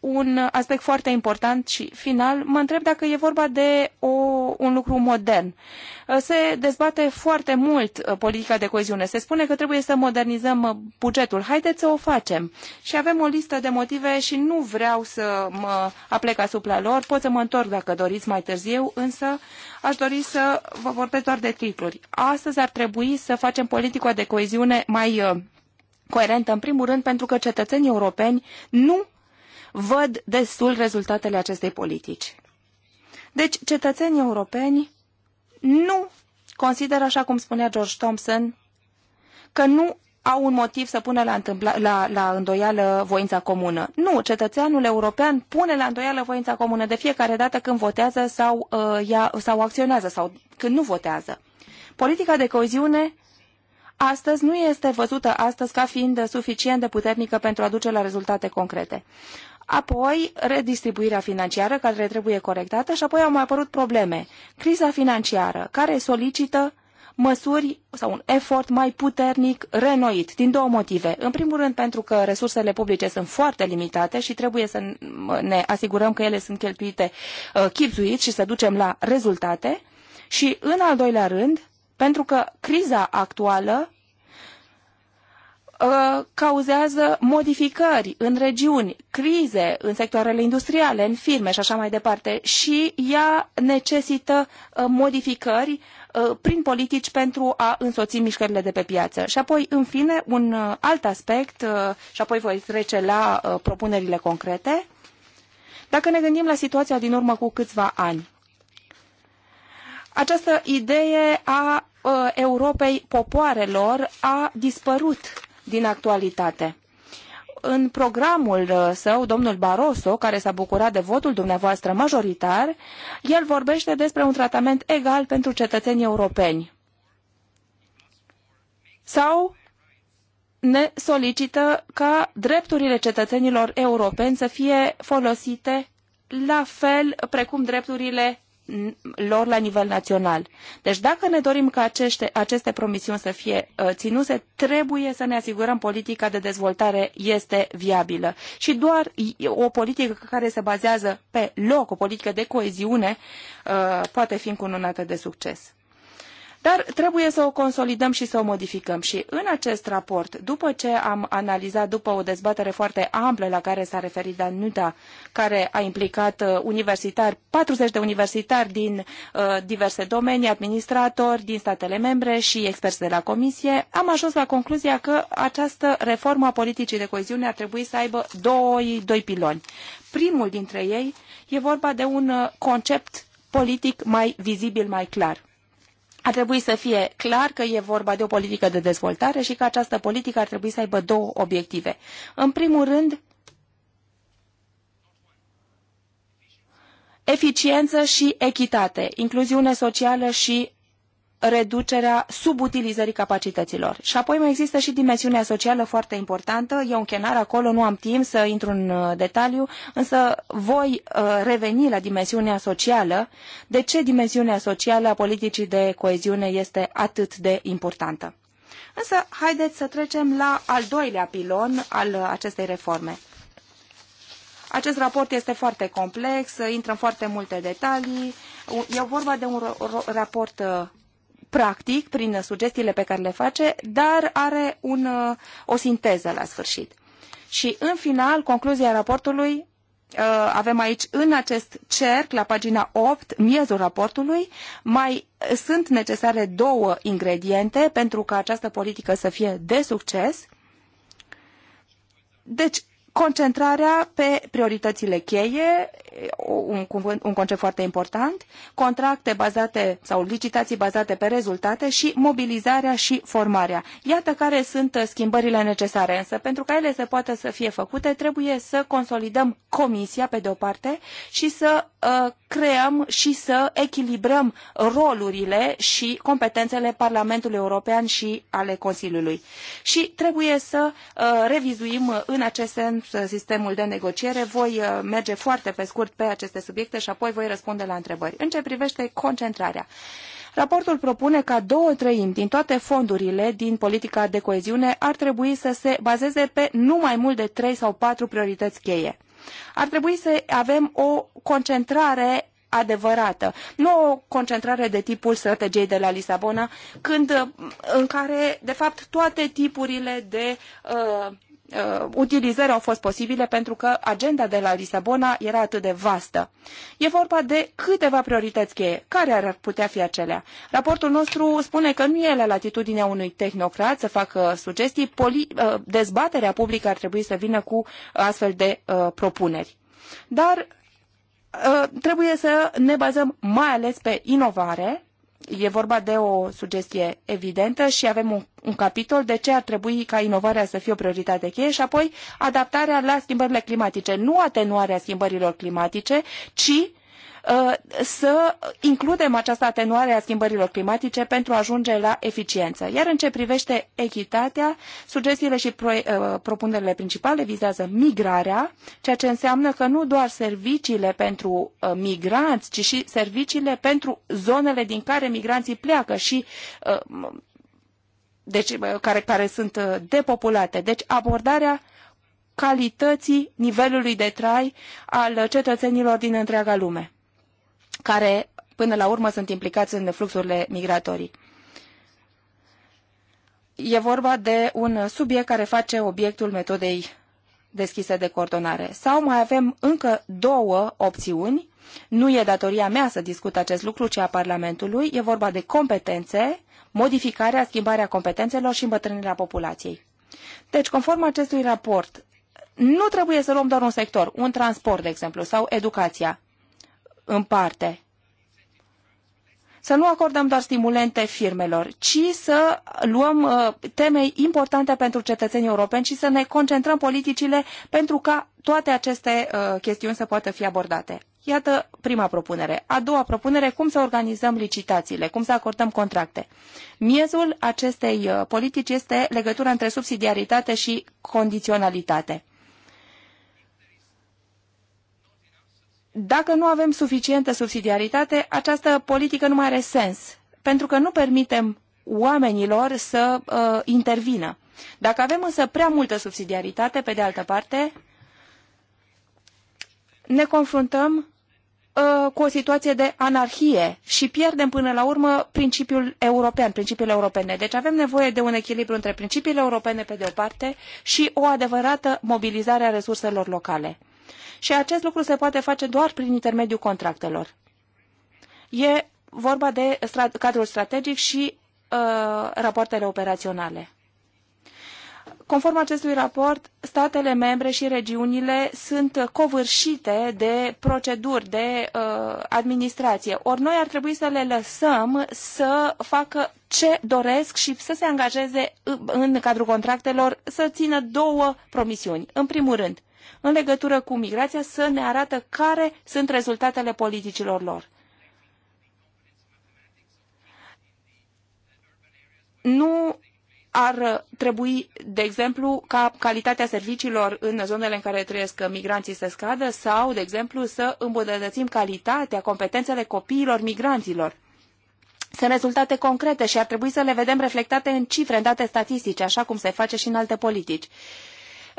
S2: un aspect foarte important și final, mă întreb dacă e vorba de o, un lucru modern. Uh, se dezbate foarte mult uh, politica de coeziune. Se spune că trebuie să modernizăm uh, bugetul. Haideți să o facem. Și avem o listă de motive și nu vreau să mă aplec asupra lor. Pot să mă întorc dacă doriți mai târziu, însă aș dori să vă vorbesc doar de titluri. Astăzi ar trebui să facem politica de coeziune mai coerentă, în primul rând, pentru că cetățenii europeni nu văd destul rezultatele acestei politici. Deci, cetățenii europeni nu consideră, așa cum spunea George Thompson, că nu au un motiv să pună la, întâmpla, la, la îndoială voința comună. Nu, cetățeanul european pune la îndoială voința comună de fiecare dată când votează sau, uh, ia, sau acționează sau când nu votează. Politica de coziune astăzi nu este văzută astăzi ca fiind suficient de puternică pentru a duce la rezultate concrete apoi redistribuirea financiară care trebuie corectată și apoi au mai apărut probleme. Criza financiară care solicită măsuri sau un efort mai puternic renoit, din două motive. În primul rând pentru că resursele publice sunt foarte limitate și trebuie să ne asigurăm că ele sunt cheltuite uh, chipzuit și să ducem la rezultate. Și în al doilea rând, pentru că criza actuală Uh, cauzează modificări în regiuni, crize în sectoarele industriale, în firme și așa mai departe și ea necesită uh, modificări uh, prin politici pentru a însoți mișcările de pe piață. Și apoi, în fine, un alt aspect și apoi voi trece la propunerile concrete. Dacă ne gândim la situația din urmă cu câțiva ani, această idee a Europei popoarelor a dispărut din actualitate. În programul uh, său, domnul Barroso, care s-a bucurat de votul dumneavoastră majoritar, el vorbește despre un tratament egal pentru cetățenii europeni. Sau ne solicită ca drepturile cetățenilor europeni să fie folosite la fel precum drepturile lor la nivel național. Deci dacă ne dorim ca aceste, aceste promisiuni să fie uh, ținuse, trebuie să ne asigurăm politica de dezvoltare este viabilă. Și doar o politică care se bazează pe loc, o politică de coeziune, uh, poate fi încununată de succes dar trebuie să o consolidăm și să o modificăm. Și în acest raport, după ce am analizat, după o dezbatere foarte amplă la care s-a referit Danuta, care a implicat uh, universitari, 40 de universitari din uh, diverse domenii, administratori din statele membre și experți de la Comisie, am ajuns la concluzia că această reformă a politicii de coeziune ar trebui să aibă doi, doi piloni. Primul dintre ei e vorba de un uh, concept politic mai vizibil, mai clar ar trebui să fie clar că e vorba de o politică de dezvoltare și că această politică ar trebui să aibă două obiective. În primul rând, eficiență și echitate, incluziune socială și reducerea subutilizării capacităților. Și apoi mai există și dimensiunea socială foarte importantă. E un chenar acolo, nu am timp să intru în uh, detaliu, însă voi uh, reveni la dimensiunea socială. De ce dimensiunea socială a politicii de coeziune este atât de importantă? Însă, haideți să trecem la al doilea pilon al uh, acestei reforme. Acest raport este foarte complex, intră în foarte multe detalii. E vorba de un raport practic prin sugestiile pe care le face, dar are un, uh, o sinteză la sfârșit. Și în final, concluzia raportului, uh, avem aici în acest cerc, la pagina 8, miezul raportului, mai sunt necesare două ingrediente pentru ca această politică să fie de succes. Deci, concentrarea pe prioritățile cheie, un, cuvânt, un concept foarte important, contracte bazate sau licitații bazate pe rezultate și mobilizarea și formarea. Iată care sunt schimbările necesare, însă pentru ca ele să poată să fie făcute, trebuie să consolidăm comisia pe de o parte și să Uh, creăm și să echilibrăm rolurile și competențele Parlamentului European și ale Consiliului. Și trebuie să uh, revizuim în acest sens sistemul de negociere. Voi uh, merge foarte pe scurt pe aceste subiecte și apoi voi răspunde la întrebări. În ce privește concentrarea? Raportul propune ca două treimi din toate fondurile din politica de coeziune ar trebui să se bazeze pe nu mai mult de trei sau patru priorități cheie. Ar trebui să avem o concentrare adevărată, nu o concentrare de tipul strategiei de la Lisabona, când, în care, de fapt, toate tipurile de uh, Uh, utilizări au fost posibile pentru că agenda de la Lisabona era atât de vastă. E vorba de câteva priorități cheie. Care ar putea fi acelea? Raportul nostru spune că nu e la latitudinea unui tehnocrat să facă sugestii. Poli, uh, dezbaterea publică ar trebui să vină cu astfel de uh, propuneri. Dar uh, trebuie să ne bazăm mai ales pe inovare, e vorba de o sugestie evidentă și avem un, un capitol de ce ar trebui ca inovarea să fie o prioritate cheie și apoi adaptarea la schimbările climatice. Nu atenuarea schimbărilor climatice, ci Uh, să includem această atenuare a schimbărilor climatice pentru a ajunge la eficiență. Iar în ce privește echitatea, sugestiile și pro, uh, propunerile principale vizează migrarea, ceea ce înseamnă că nu doar serviciile pentru uh, migranți, ci și serviciile pentru zonele din care migranții pleacă și deci, care, care sunt depopulate. Deci abordarea calității nivelului de trai al cetățenilor din întreaga lume care până la urmă sunt implicați în fluxurile migratorii. E vorba de un subiect care face obiectul metodei deschise de coordonare. Sau mai avem încă două opțiuni. Nu e datoria mea să discut acest lucru, ci a Parlamentului. E vorba de competențe, modificarea, schimbarea competențelor și îmbătrânirea populației. Deci, conform acestui raport, nu trebuie să luăm doar un sector, un transport, de exemplu, sau educația în parte. Să nu acordăm doar stimulente firmelor, ci să luăm uh, teme importante pentru cetățenii europeni și să ne concentrăm politicile pentru ca toate aceste uh, chestiuni să poată fi abordate. Iată prima propunere. A doua propunere, cum să organizăm licitațiile, cum să acordăm contracte. Miezul acestei uh, politici este legătura între subsidiaritate și condiționalitate. dacă nu avem suficientă subsidiaritate, această politică nu mai are sens, pentru că nu permitem oamenilor să uh, intervină. Dacă avem însă prea multă subsidiaritate, pe de altă parte, ne confruntăm uh, cu o situație de anarhie și pierdem până la urmă principiul european, principiile europene. Deci avem nevoie de un echilibru între principiile europene pe de o parte și o adevărată mobilizare a resurselor locale și acest lucru se poate face doar prin intermediul contractelor. E vorba de strat cadrul strategic și uh, rapoartele operaționale. Conform acestui raport, statele membre și regiunile sunt covârșite de proceduri de uh, administrație. Ori noi ar trebui să le lăsăm să facă ce doresc și să se angajeze uh, în cadrul contractelor să țină două promisiuni. În primul rând, în legătură cu migrația să ne arată care sunt rezultatele politicilor lor. Nu ar trebui, de exemplu, ca calitatea serviciilor în zonele în care trăiesc migranții să scadă sau, de exemplu, să îmbunătățim calitatea, competențele copiilor migranților. Sunt rezultate concrete și ar trebui să le vedem reflectate în cifre, în date statistice, așa cum se face și în alte politici.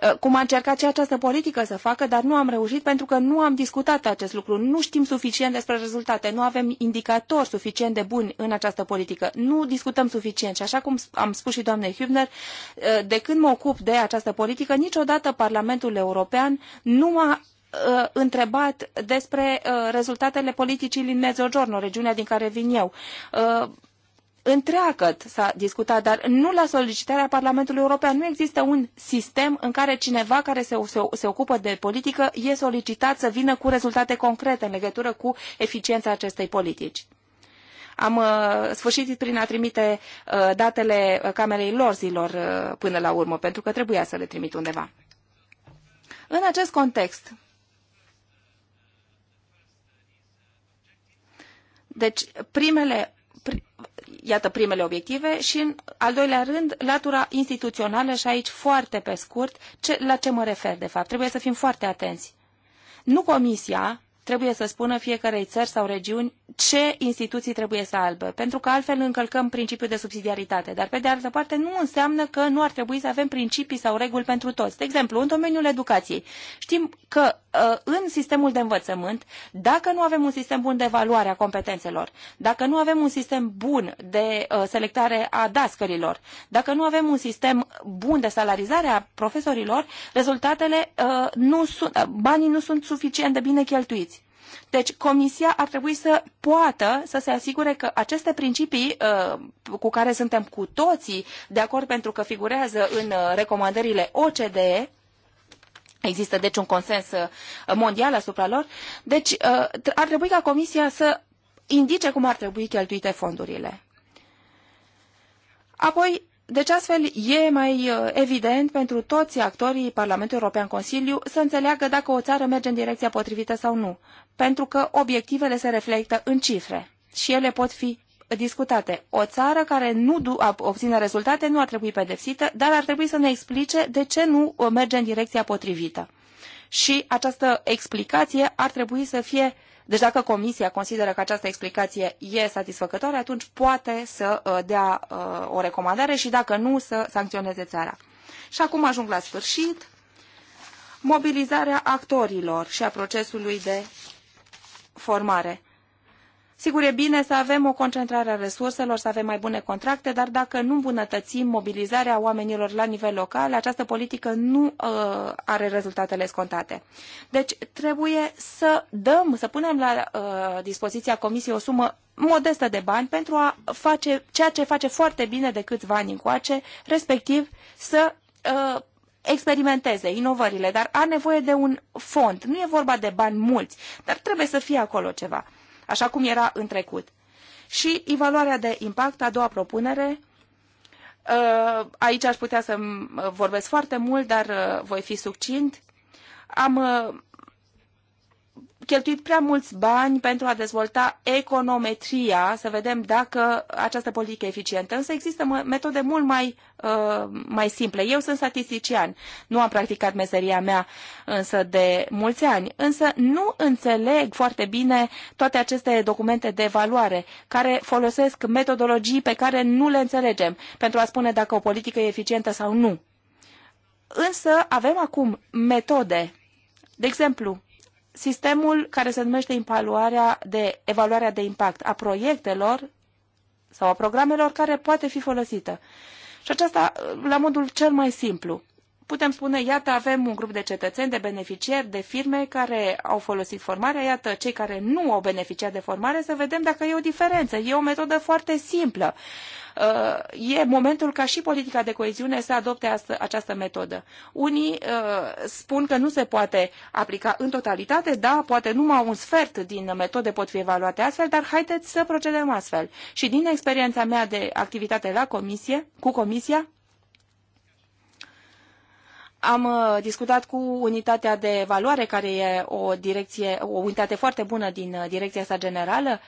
S2: Uh, cum a încercat și această politică să facă, dar nu am reușit pentru că nu am discutat acest lucru. Nu știm suficient despre rezultate, nu avem indicatori suficient de buni în această politică, nu discutăm suficient și așa cum am spus și doamnei Hübner, uh, de când mă ocup de această politică, niciodată Parlamentul European nu m-a uh, întrebat despre rezultatele politicii din Mezzogiorno, regiunea din care vin eu întreagăt s-a discutat, dar nu la solicitarea Parlamentului European. Nu există un sistem în care cineva care se, se, se ocupă de politică e solicitat să vină cu rezultate concrete în legătură cu eficiența acestei politici. Am uh, sfârșit prin a trimite uh, datele Camerei Lorzilor uh, până la urmă, pentru că trebuia să le trimit undeva. În acest context, deci primele iată primele obiective și în al doilea rând, latura instituțională și aici foarte pe scurt, ce, la ce mă refer de fapt. Trebuie să fim foarte atenți. Nu comisia trebuie să spună fiecarei țări sau regiuni ce instituții trebuie să aibă, pentru că altfel încălcăm principiul de subsidiaritate. Dar, pe de altă parte, nu înseamnă că nu ar trebui să avem principii sau reguli pentru toți. De exemplu, în domeniul educației. Știm că uh, în sistemul de învățământ, dacă nu avem un sistem bun de evaluare a competențelor, dacă nu avem un sistem bun de uh, selectare a dascărilor, dacă nu avem un sistem bun de salarizare a profesorilor, rezultatele uh, nu sunt, banii nu sunt suficient de bine cheltuiți. Deci Comisia ar trebui să poată să se asigure că aceste principii uh, cu care suntem cu toții de acord pentru că figurează în uh, recomandările OCDE, Există deci un consens uh, mondial asupra lor. Deci ar trebui ca Comisia să indice cum ar trebui cheltuite fondurile. Apoi, deci astfel e mai uh, evident pentru toți actorii Parlamentului European Consiliu să înțeleagă dacă o țară merge în direcția potrivită sau nu, pentru că obiectivele se reflectă în cifre și ele pot fi discutate. O țară care nu obține rezultate nu ar trebui pedepsită, dar ar trebui să ne explice de ce nu uh, merge în direcția potrivită. Și această explicație ar trebui să fie deci dacă Comisia consideră că această explicație e satisfăcătoare, atunci poate să uh, dea uh, o recomandare și dacă nu, să sancționeze țara. Și acum ajung la sfârșit. Mobilizarea actorilor și a procesului de formare. Sigur, e bine să avem o concentrare a resurselor, să avem mai bune contracte, dar dacă nu îmbunătățim mobilizarea oamenilor la nivel local, această politică nu uh, are rezultatele scontate. Deci trebuie să dăm, să punem la uh, dispoziția Comisiei o sumă modestă de bani pentru a face ceea ce face foarte bine de câțiva ani încoace, respectiv să uh, experimenteze inovările, dar are nevoie de un fond. Nu e vorba de bani mulți, dar trebuie să fie acolo ceva așa cum era în trecut. Și evaluarea de impact, a doua propunere, uh, aici aș putea să vorbesc foarte mult, dar uh, voi fi succint. Am uh, cheltuit prea mulți bani pentru a dezvolta econometria, să vedem dacă această politică e eficientă. Însă există metode mult mai, uh, mai simple. Eu sunt statistician, nu am practicat meseria mea însă de mulți ani, însă nu înțeleg foarte bine toate aceste documente de evaluare care folosesc metodologii pe care nu le înțelegem pentru a spune dacă o politică e eficientă sau nu. Însă avem acum metode de exemplu, sistemul care se numește evaluarea de, evaluarea de impact a proiectelor sau a programelor care poate fi folosită. Și aceasta la modul cel mai simplu. Putem spune, iată, avem un grup de cetățeni, de beneficiari, de firme care au folosit formarea, iată, cei care nu au beneficiat de formare, să vedem dacă e o diferență. E o metodă foarte simplă. Uh, e momentul ca și politica de coeziune să adopte această metodă. Unii uh, spun că nu se poate aplica în totalitate, da, poate numai un sfert din metode pot fi evaluate astfel, dar haideți să procedăm astfel. Și din experiența mea de activitate la comisie, cu comisia, am uh, discutat cu unitatea de evaluare, care e o, direcție, o unitate foarte bună din direcția sa generală, uh,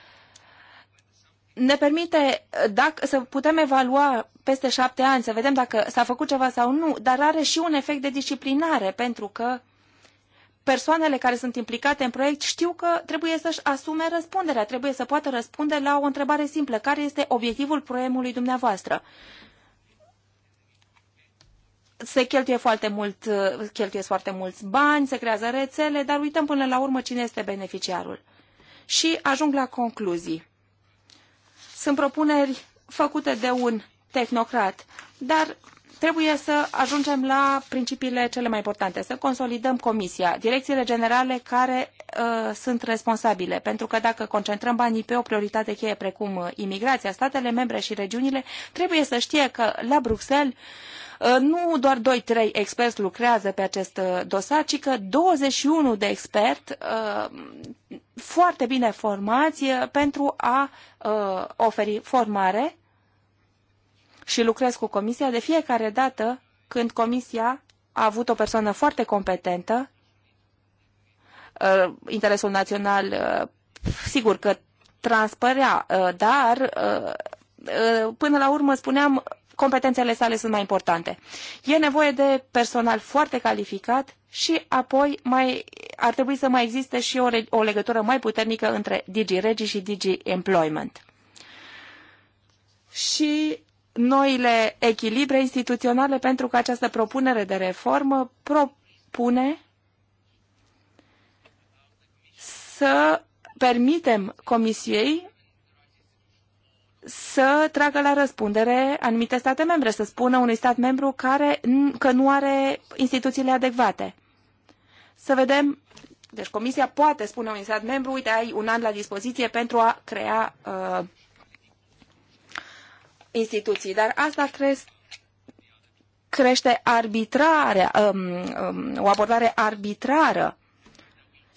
S2: ne permite dacă, să putem evalua peste șapte ani, să vedem dacă s-a făcut ceva sau nu, dar are și un efect de disciplinare, pentru că persoanele care sunt implicate în proiect știu că trebuie să-și asume răspunderea, trebuie să poată răspunde la o întrebare simplă. Care este obiectivul proiectului dumneavoastră? Se cheltuie foarte mult, cheltuie foarte mulți bani, se creează rețele, dar uităm până la urmă cine este beneficiarul. Și ajung la concluzii. Sunt propuneri făcute de un tehnocrat, dar trebuie să ajungem la principiile cele mai importante, să consolidăm comisia, direcțiile generale care Uh, sunt responsabile, pentru că dacă concentrăm banii pe o prioritate cheie precum uh, imigrația, statele membre și regiunile trebuie să știe că la Bruxelles uh, nu doar 2-3 experți lucrează pe acest dosar, ci că 21 de experți foarte bine formați pentru a oferi formare și lucrez cu Comisia de fiecare dată când Comisia a avut o persoană foarte competentă Uh, interesul național, uh, sigur că transpărea, uh, dar până la urmă spuneam, competențele sale sunt mai importante. E nevoie de personal foarte calificat și apoi mai, ar trebui să mai existe și o, o legătură mai puternică între DigiRegi și Employment. Și noile echilibre instituționale pentru că această propunere de reformă propune să permitem Comisiei să tragă la răspundere anumite state membre, să spună unui stat membru care, că nu are instituțiile adecvate. Să vedem, deci Comisia poate spune unui stat membru, uite, ai un an la dispoziție pentru a crea uh, instituții, dar asta crezi crește arbitrarea, um, um, o abordare arbitrară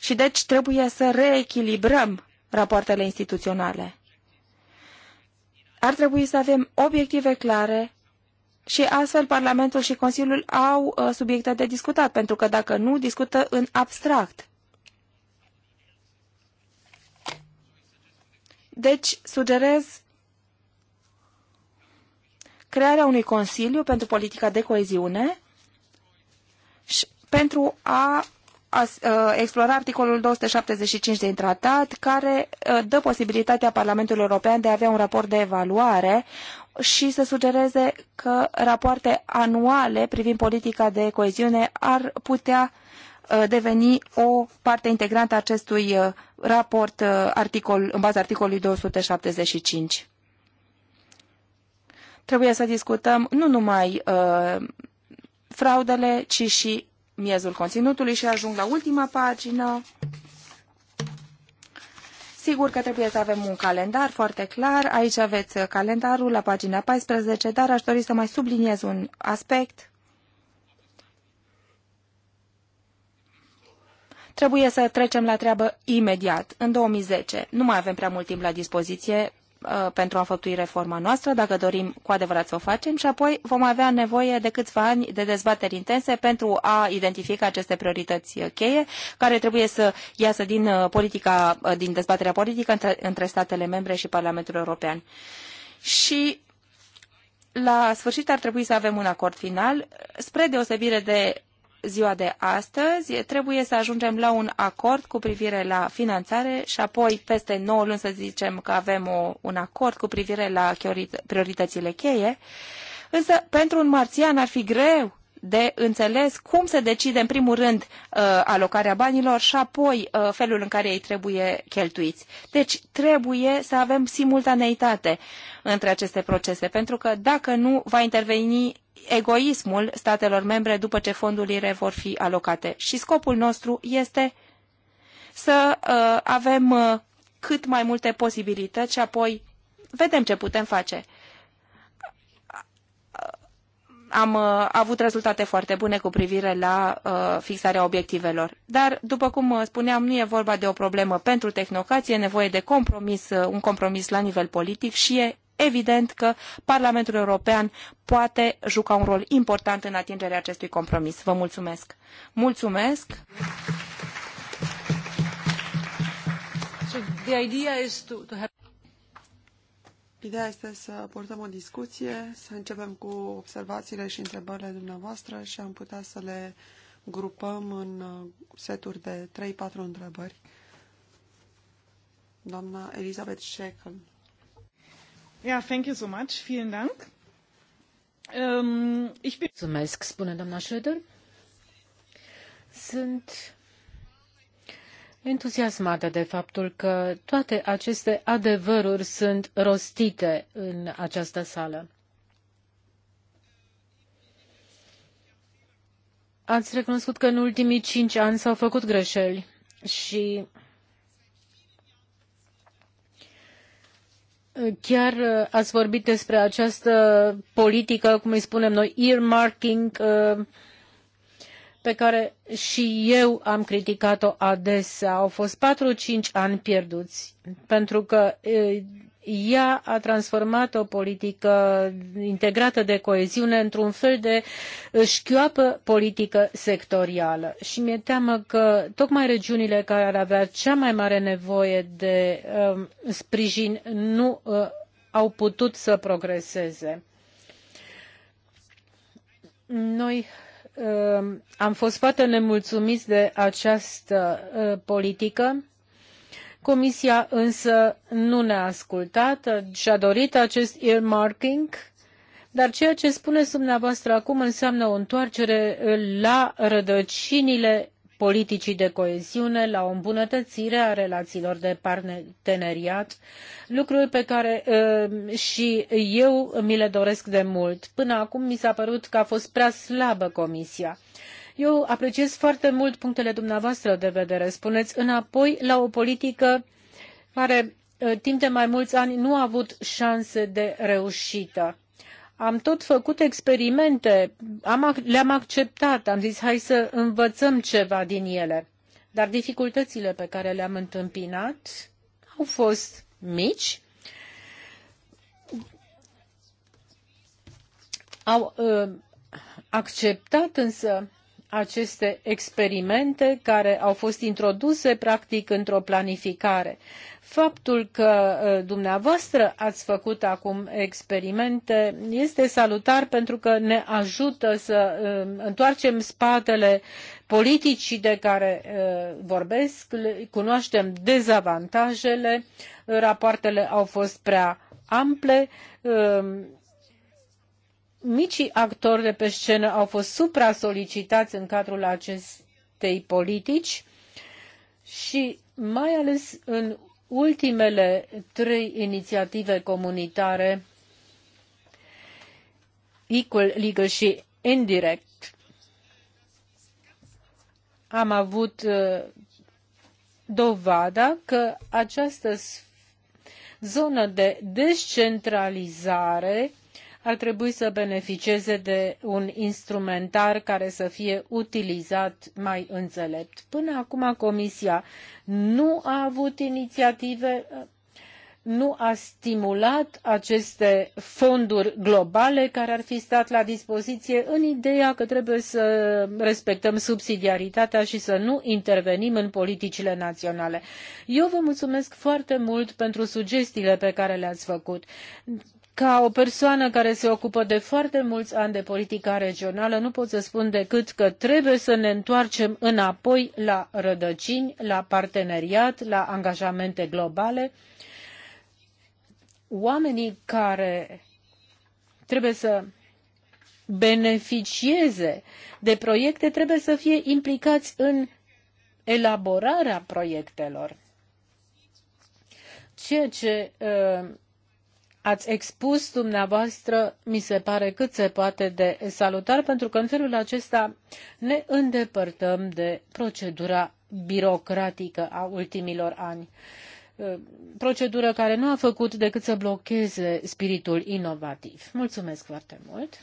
S2: și deci trebuie să reechilibrăm rapoartele instituționale. Ar trebui să avem obiective clare și astfel Parlamentul și Consiliul au uh, subiecte de discutat, pentru că dacă nu, discută în abstract. Deci, sugerez crearea unui Consiliu pentru politica de coeziune și pentru a as, uh, explora articolul 275 din tratat, care uh, dă posibilitatea Parlamentului European de a avea un raport de evaluare și să sugereze că rapoarte anuale privind politica de coeziune ar putea uh, deveni o parte integrantă a acestui uh, raport uh, articol, în baza articolului 275. Trebuie să discutăm nu numai uh, fraudele, ci și miezul conținutului și ajung la ultima pagină. Sigur că trebuie să avem un calendar foarte clar. Aici aveți calendarul la pagina 14, dar aș dori să mai subliniez un aspect. Trebuie să trecem la treabă imediat, în 2010. Nu mai avem prea mult timp la dispoziție Uh, pentru a înfăptui reforma noastră, dacă dorim cu adevărat să o facem și apoi vom avea nevoie de câțiva ani de dezbateri intense pentru a identifica aceste priorități uh, cheie care trebuie să iasă din, uh, politica, din dezbaterea politică între, între statele membre și Parlamentul European. Și la sfârșit ar trebui să avem un acord final, spre deosebire de ziua de astăzi. Trebuie să ajungem la un acord cu privire la finanțare și apoi peste 9 luni să zicem că avem o, un acord cu privire la prioritățile cheie. Însă pentru un marțian ar fi greu de înțeles cum se decide în primul rând uh, alocarea banilor și apoi uh, felul în care ei trebuie cheltuiți. Deci trebuie să avem simultaneitate între aceste procese, pentru că dacă nu va interveni egoismul statelor membre după ce fondurile vor fi alocate. Și scopul nostru este să uh, avem cât mai multe posibilități și apoi vedem ce putem face am uh, avut rezultate foarte bune cu privire la uh, fixarea obiectivelor. Dar, după cum uh, spuneam, nu e vorba de o problemă pentru tehnocrație, e nevoie de compromis, un compromis la nivel politic și e evident că Parlamentul European poate juca un rol important în atingerea acestui compromis. Vă mulțumesc! Mulțumesc!
S3: So the idea is to, to have... Ideea este să purtăm o discuție, să începem cu observațiile și întrebările dumneavoastră și am putea să le grupăm în uh, seturi de 3-4 întrebări. Doamna Elizabeth Shekel. Yeah, thank you so much. Vielen Dank. Um, ich bin...
S1: Mulțumesc, spune doamna Schröder. Sunt entuziasmată de faptul că toate aceste adevăruri sunt rostite în această sală. Ați recunoscut că în ultimii cinci ani s-au făcut greșeli și Chiar ați vorbit despre această politică, cum îi spunem noi, earmarking, uh, pe care și eu am criticat-o adesea. Au fost 4-5 ani pierduți, pentru că ea a transformat o politică integrată de coeziune într-un fel de șchioapă politică sectorială. Și mi-e teamă că tocmai regiunile care ar avea cea mai mare nevoie de um, sprijin nu uh, au putut să progreseze. Noi Ehm, am fost foarte nemulțumiți de această eh, politică. Comisia însă nu ne-a ascultat eh, și a dorit acest earmarking, dar ceea ce spuneți dumneavoastră acum înseamnă o întoarcere eh, la rădăcinile politicii de coeziune, la o îmbunătățire a relațiilor de parteneriat, lucruri pe care ă, și eu mi le doresc de mult. Până acum mi s-a părut că a fost prea slabă Comisia. Eu apreciez foarte mult punctele dumneavoastră de vedere. Spuneți înapoi la o politică care ă, timp de mai mulți ani nu a avut șanse de reușită am tot făcut experimente, am, le-am acceptat, am zis hai să învățăm ceva din ele. Dar dificultățile pe care le-am întâmpinat au fost mici, au uh, acceptat însă aceste experimente care au fost introduse practic într-o planificare. Faptul că ă, dumneavoastră ați făcut acum experimente este salutar pentru că ne ajută să ă, întoarcem spatele politicii de care ă, vorbesc, cunoaștem dezavantajele, rapoartele au fost prea ample, micii actori de pe scenă au fost supra-solicitați în cadrul acestei politici și mai ales în ultimele trei inițiative comunitare, Equal, Legal și Indirect, am avut uh, dovada că această zonă de descentralizare ar trebui să beneficieze de un instrumentar care să fie utilizat mai înțelept. Până acum Comisia nu a avut inițiative nu a stimulat aceste fonduri globale care ar fi stat la dispoziție în ideea că trebuie să respectăm subsidiaritatea și să nu intervenim în politicile naționale. Eu vă mulțumesc foarte mult pentru sugestiile pe care le-ați făcut. Ca o persoană care se ocupă de foarte mulți ani de politica regională, nu pot să spun decât că trebuie să ne întoarcem înapoi la rădăcini, la parteneriat, la angajamente globale. Oamenii care trebuie să beneficieze de proiecte trebuie să fie implicați în elaborarea proiectelor. Ceea ce uh, ați expus dumneavoastră, mi se pare cât se poate de salutar, pentru că în felul acesta ne îndepărtăm de procedura birocratică a ultimilor ani. Procedură care nu a făcut decât să blocheze spiritul inovativ. Mulțumesc foarte mult!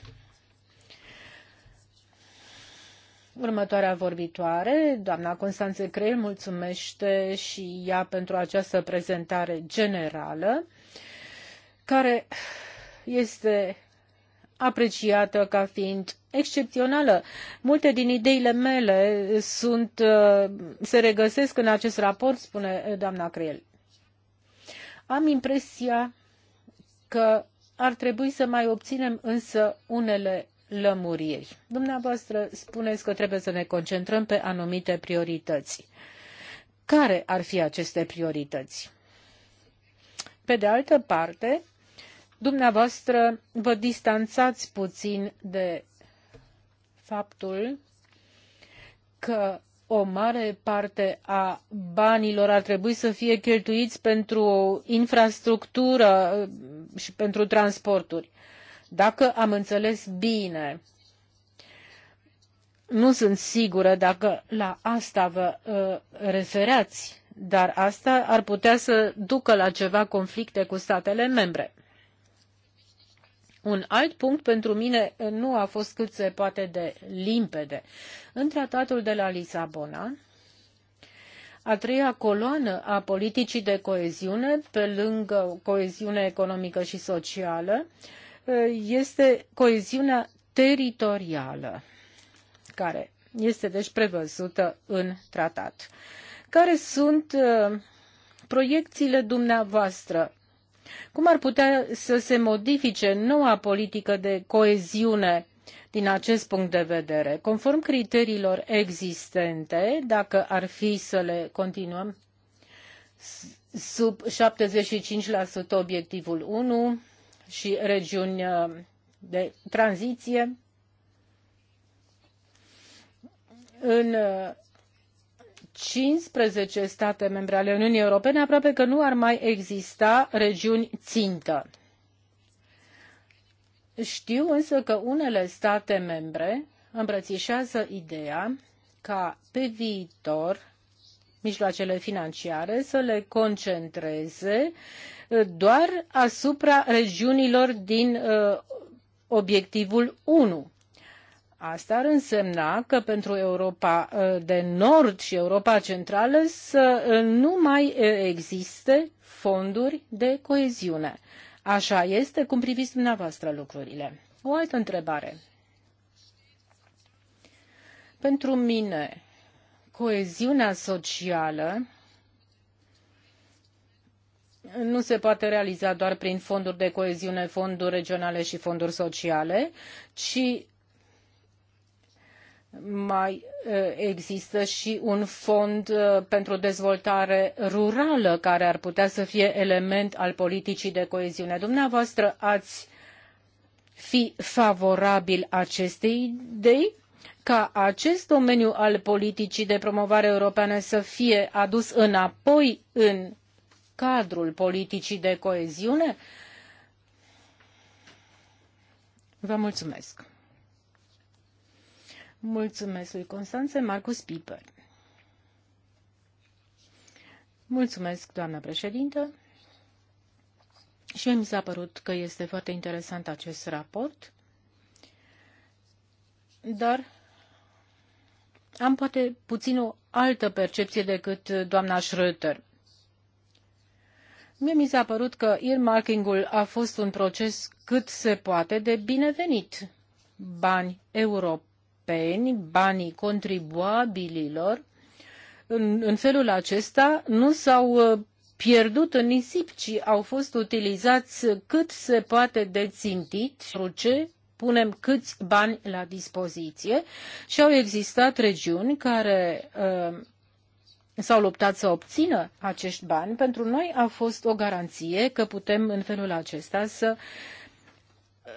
S1: Următoarea vorbitoare, doamna Constanțe Creel, mulțumește și ea pentru această prezentare generală care este apreciată ca fiind excepțională. Multe din ideile mele sunt, uh, se regăsesc în acest raport, spune uh, doamna Creel. Am impresia că ar trebui să mai obținem însă unele lămuriri. Dumneavoastră spuneți că trebuie să ne concentrăm pe anumite priorități. Care ar fi aceste priorități? Pe de altă parte, dumneavoastră vă distanțați puțin de faptul că o mare parte a banilor ar trebui să fie cheltuiți pentru infrastructură uh, și pentru transporturi. Dacă am înțeles bine, nu sunt sigură dacă la asta vă referați, uh, refereați, dar asta ar putea să ducă la ceva conflicte cu statele membre. Un alt punct pentru mine nu a fost cât se poate de limpede. În tratatul de la Lisabona, a treia coloană a politicii de coeziune, pe lângă coeziune economică și socială, este coeziunea teritorială, care este deci prevăzută în tratat. Care sunt uh, proiecțiile dumneavoastră cum ar putea să se modifice noua politică de coeziune din acest punct de vedere, conform criteriilor existente, dacă ar fi să le continuăm sub 75% obiectivul 1 și regiuni uh, de tranziție, în uh, 15 state membre ale Uniunii Europene, aproape că nu ar mai exista regiuni țintă. Știu însă că unele state membre îmbrățișează ideea ca pe viitor mijloacele financiare să le concentreze uh, doar asupra regiunilor din uh, obiectivul 1 Asta ar însemna că pentru Europa uh, de Nord și Europa Centrală să uh, nu mai uh, existe fonduri de coeziune. Așa este cum priviți dumneavoastră lucrurile. O altă întrebare. Pentru mine, coeziunea socială nu se poate realiza doar prin fonduri de coeziune, fonduri regionale și fonduri sociale, ci mai există și un fond pentru dezvoltare rurală care ar putea să fie element al politicii de coeziune. Dumneavoastră ați fi favorabil acestei idei ca acest domeniu al politicii de promovare europeană să fie adus înapoi în cadrul politicii de coeziune? Vă mulțumesc. Mulțumesc lui Constanțe Marcus Piper. Mulțumesc, doamnă președintă. Și mi s-a părut că este foarte interesant acest raport, dar am poate puțin o altă percepție decât doamna Schröter. Mie mi s-a părut că earmarking-ul a fost un proces cât se poate de binevenit. Bani Europa europeni, banii contribuabililor, în, în felul acesta nu s-au uh, pierdut în nisip, ci au fost utilizați cât se poate de țintit, ce punem câți bani la dispoziție și au existat regiuni care uh, s-au luptat să obțină acești bani. Pentru noi a fost o garanție că putem în felul acesta să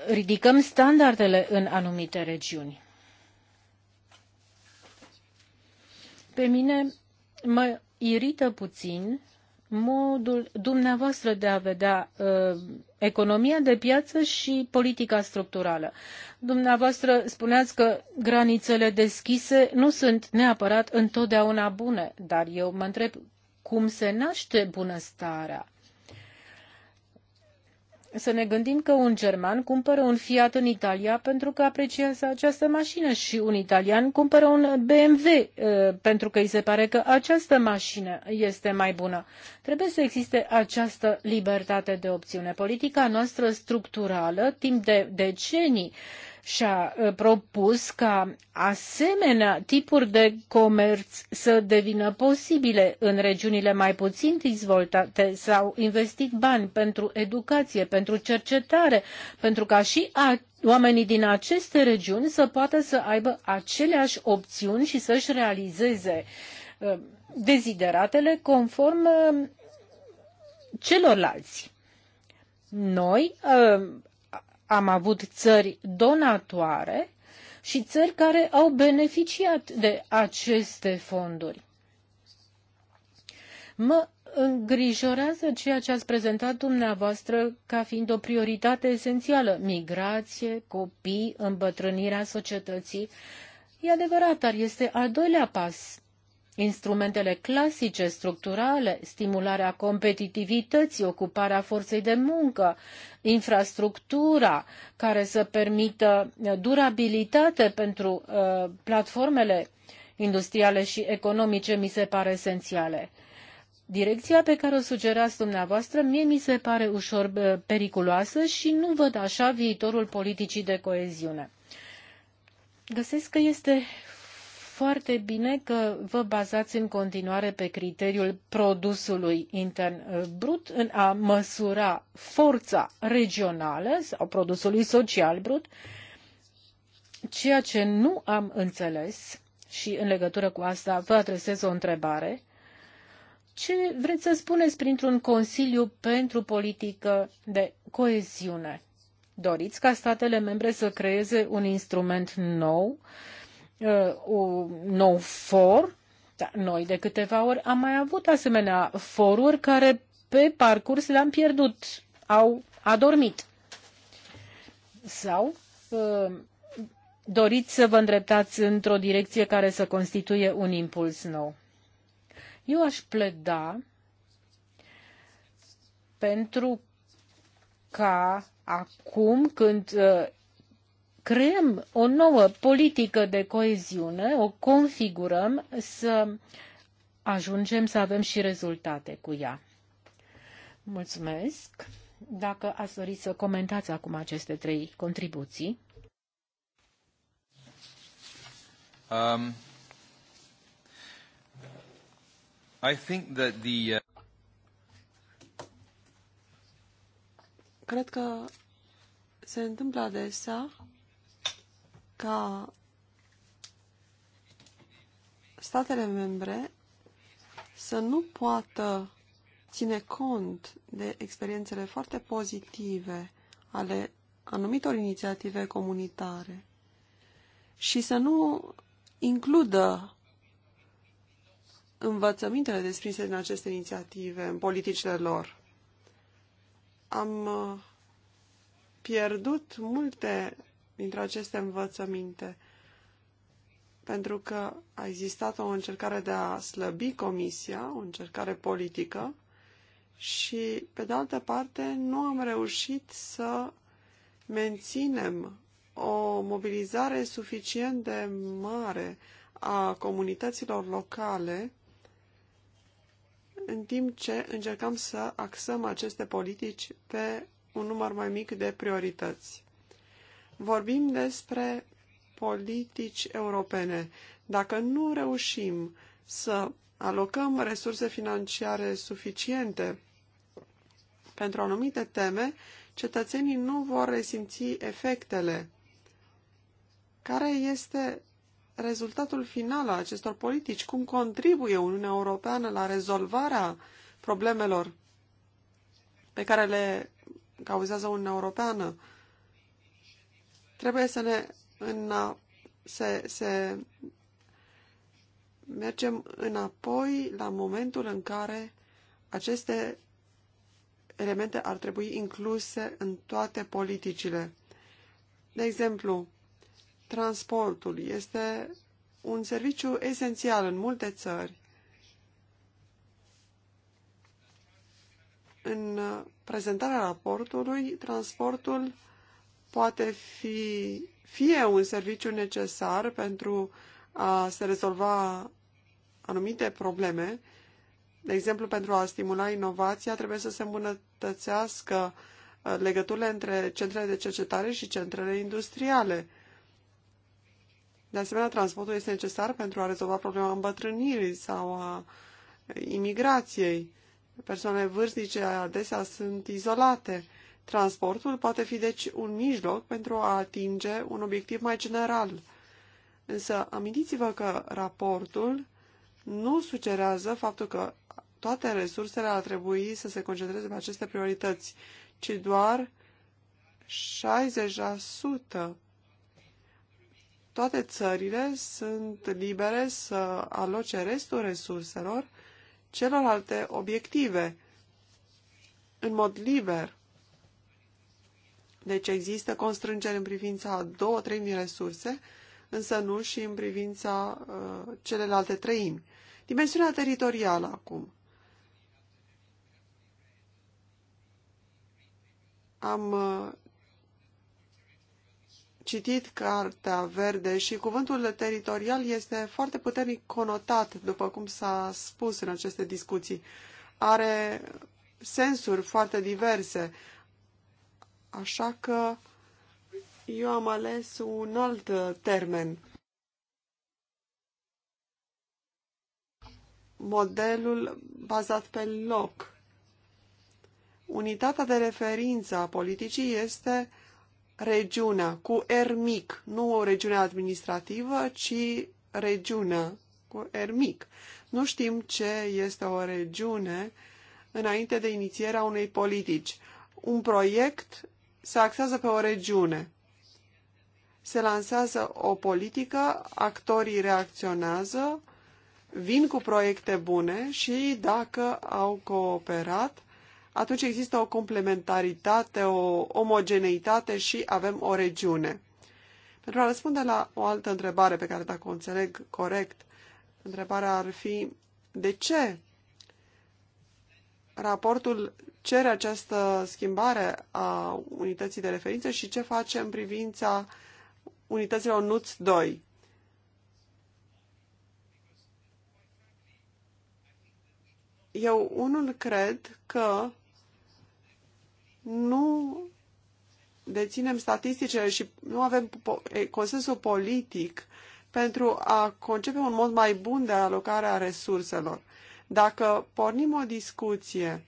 S1: ridicăm standardele în anumite regiuni. Pe mine mă irită puțin modul dumneavoastră de a vedea uh, economia de piață și politica structurală. Dumneavoastră spuneați că granițele deschise nu sunt neapărat întotdeauna bune, dar eu mă întreb cum se naște bunăstarea să ne gândim că un german cumpără un Fiat în Italia pentru că apreciază această mașină și un italian cumpără un BMW uh, pentru că îi se pare că această mașină este mai bună. Trebuie să existe această libertate de opțiune. Politica noastră structurală, timp de decenii, și-a uh, propus ca asemenea tipuri de comerț să devină posibile în regiunile mai puțin dezvoltate. S-au investit bani pentru educație, pentru cercetare, pentru ca și a, oamenii din aceste regiuni să poată să aibă aceleași opțiuni și să-și realizeze uh, dezideratele conform uh, celorlalți. Noi am avut țări donatoare și țări care au beneficiat de aceste fonduri. Mă îngrijorează ceea ce ați prezentat dumneavoastră ca fiind o prioritate esențială, migrație, copii, îmbătrânirea societății. E adevărat, dar este al doilea pas instrumentele clasice, structurale, stimularea competitivității, ocuparea forței de muncă, infrastructura care să permită durabilitate pentru uh, platformele industriale și economice mi se pare esențiale. Direcția pe care o sugerați dumneavoastră mie mi se pare ușor uh, periculoasă și nu văd așa viitorul politicii de coeziune. Găsesc că este foarte bine că vă bazați în continuare pe criteriul produsului intern uh, brut în a măsura forța regională sau produsului social brut. Ceea ce nu am înțeles și în legătură cu asta vă adresez o întrebare. Ce vreți să spuneți printr-un Consiliu pentru politică de coeziune? Doriți ca statele membre să creeze un instrument nou uh, Uh, un nou for. Da, noi de câteva ori am mai avut asemenea foruri care pe parcurs le-am pierdut, au adormit. Sau uh, doriți să vă îndreptați într-o direcție care să constituie un impuls nou. Eu aș pleda pentru ca acum când uh, creăm o nouă politică de coeziune, o configurăm să ajungem să avem și rezultate cu ea. Mulțumesc. Dacă ați dori să comentați acum aceste trei contribuții. Um, I think that the, uh...
S3: Cred că se întâmplă adesea ca statele membre să nu poată ține cont de experiențele foarte pozitive ale anumitor inițiative comunitare și să nu includă învățămintele desprinse din aceste inițiative în politicile lor. Am uh, pierdut multe dintre aceste învățăminte, pentru că a existat o încercare de a slăbi comisia, o încercare politică, și, pe de altă parte, nu am reușit să menținem o mobilizare suficient de mare a comunităților locale, în timp ce încercăm să axăm aceste politici pe un număr mai mic de priorități. Vorbim despre politici europene. Dacă nu reușim să alocăm resurse financiare suficiente pentru anumite teme, cetățenii nu vor resimți efectele. Care este rezultatul final al acestor politici? Cum contribuie Uniunea Europeană la rezolvarea problemelor pe care le cauzează Uniunea Europeană? Trebuie să ne în, să, să mergem înapoi la momentul în care aceste elemente ar trebui incluse în toate politicile. De exemplu, transportul este un serviciu esențial în multe țări. În prezentarea raportului, transportul poate fi fie un serviciu necesar pentru a se rezolva anumite probleme, de exemplu, pentru a stimula inovația, trebuie să se îmbunătățească uh, legăturile între centrele de cercetare și centrele industriale. De asemenea, transportul este necesar pentru a rezolva problema îmbătrânirii sau a imigrației. Persoanele vârstnice adesea sunt izolate Transportul poate fi deci un mijloc pentru a atinge un obiectiv mai general. Însă amintiți-vă că raportul nu sugerează faptul că toate resursele ar trebui să se concentreze pe aceste priorități, ci doar 60%. Toate țările sunt libere să aloce restul resurselor celorlalte obiective, în mod liber. Deci există constrângeri în privința a două treimi din resurse, însă nu și în privința uh, celelalte treimi. Dimensiunea teritorială acum. Am uh, citit Cartea Verde și cuvântul teritorial este foarte puternic conotat, după cum s-a spus în aceste discuții. Are sensuri foarte diverse. Așa că eu am ales un alt termen. Modelul bazat pe loc. Unitatea de referință a politicii este regiunea cu R mic, nu o regiune administrativă, ci regiunea cu R mic. Nu știm ce este o regiune înainte de inițierea unei politici. Un proiect se axează pe o regiune. Se lansează o politică, actorii reacționează, vin cu proiecte bune și dacă au cooperat, atunci există o complementaritate, o omogeneitate și avem o regiune. Pentru a răspunde la o altă întrebare pe care, dacă o înțeleg corect, întrebarea ar fi de ce raportul cere această schimbare a unității de referință și ce face în privința unităților NUTS 2. Eu unul cred că nu deținem statisticile și nu avem consensul politic pentru a concepe un mod mai bun de alocare a resurselor. Dacă pornim o discuție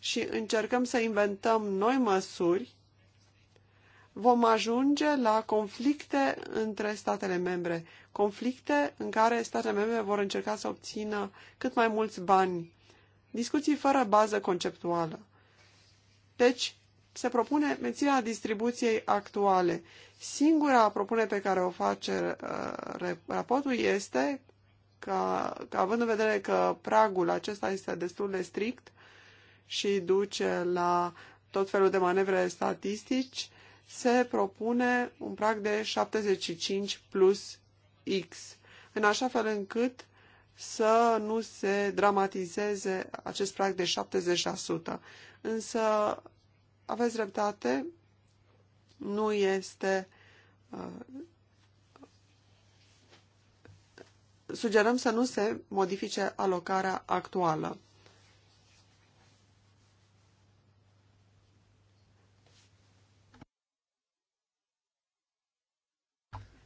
S3: și încercăm să inventăm noi măsuri, vom ajunge la conflicte între statele membre, conflicte în care statele membre vor încerca să obțină cât mai mulți bani, discuții fără bază conceptuală. Deci, se propune menținerea distribuției actuale. Singura propunere pe care o face uh, raportul este că, că, având în vedere că pragul acesta este destul de strict, și duce la tot felul de manevre statistici, se propune un prag de 75 plus X, în așa fel încât să nu se dramatizeze acest prag de 70%. Însă, aveți dreptate, nu este... Uh, sugerăm să nu se modifice alocarea actuală.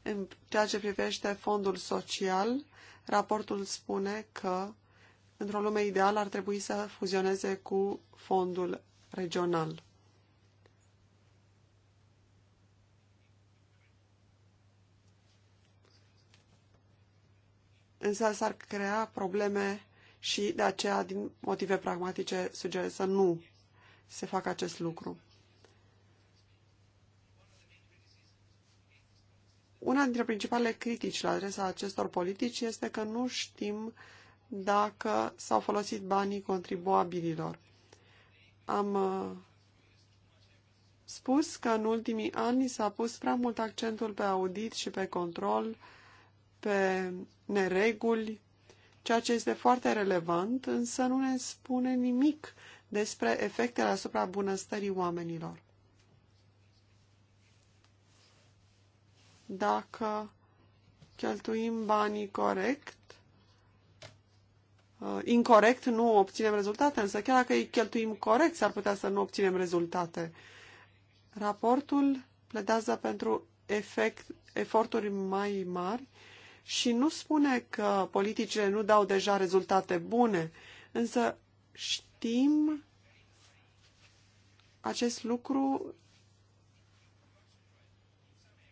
S3: În ceea ce privește fondul social, raportul spune că într-o lume ideală ar trebui să fuzioneze cu fondul regional. Însă s-ar crea probleme și de aceea, din motive pragmatice, sugerez să nu se facă acest lucru. Una dintre principalele critici la adresa acestor politici este că nu știm dacă s-au folosit banii contribuabililor. Am uh, spus că în ultimii ani s-a pus prea mult accentul pe audit și pe control, pe nereguli, ceea ce este foarte relevant, însă nu ne spune nimic despre efectele asupra bunăstării oamenilor. dacă cheltuim banii corect, uh, incorrect nu obținem rezultate, însă chiar dacă îi cheltuim corect, s-ar putea să nu obținem rezultate. Raportul pledează pentru efect, eforturi mai mari și nu spune că politicile nu dau deja rezultate bune, însă știm acest lucru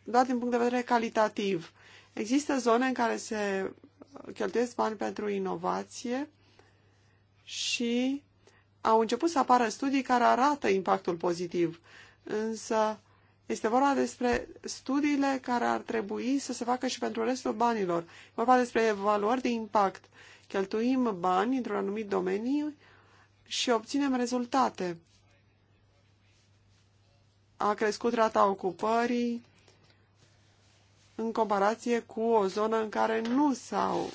S3: doar din punct de vedere calitativ. Există zone în care se cheltuiesc bani pentru inovație și au început să apară studii care arată impactul pozitiv, însă este vorba despre studiile care ar trebui să se facă și pentru restul banilor. E vorba despre evaluări de impact. Cheltuim bani într-un anumit domeniu și obținem rezultate. A crescut rata ocupării, în comparație cu o zonă în care nu s-au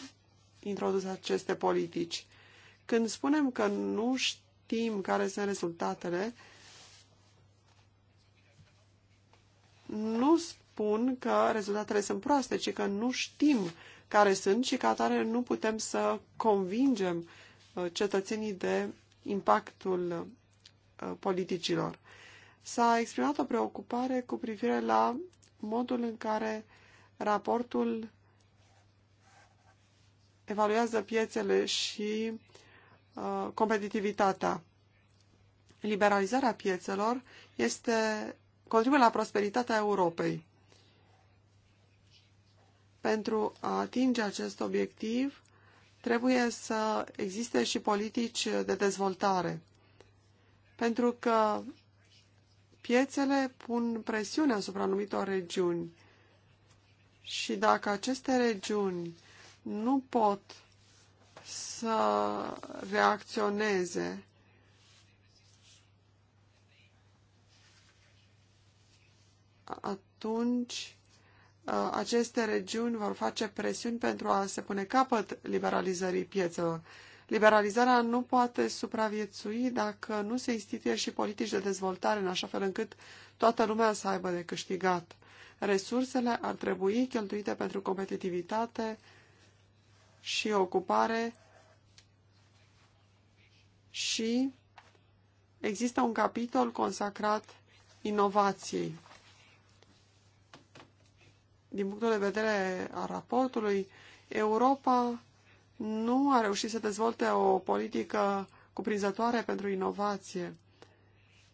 S3: introdus aceste politici. Când spunem că nu știm care sunt rezultatele, nu spun că rezultatele sunt proaste, ci că nu știm care sunt și ca atare nu putem să convingem uh, cetățenii de impactul uh, politicilor. S-a exprimat o preocupare cu privire la modul în care Raportul evaluează piețele și uh, competitivitatea. Liberalizarea piețelor este, contribuie la prosperitatea Europei. Pentru a atinge acest obiectiv, trebuie să existe și politici de dezvoltare. Pentru că piețele pun presiune asupra anumitor regiuni și dacă aceste regiuni nu pot să reacționeze atunci uh, aceste regiuni vor face presiuni pentru a se pune capăt liberalizării piețelor. Liberalizarea nu poate supraviețui dacă nu se instituie și politici de dezvoltare în așa fel încât toată lumea să aibă de câștigat resursele ar trebui cheltuite pentru competitivitate și ocupare și există un capitol consacrat inovației. Din punctul de vedere al raportului, Europa nu a reușit să dezvolte o politică cuprinzătoare pentru inovație.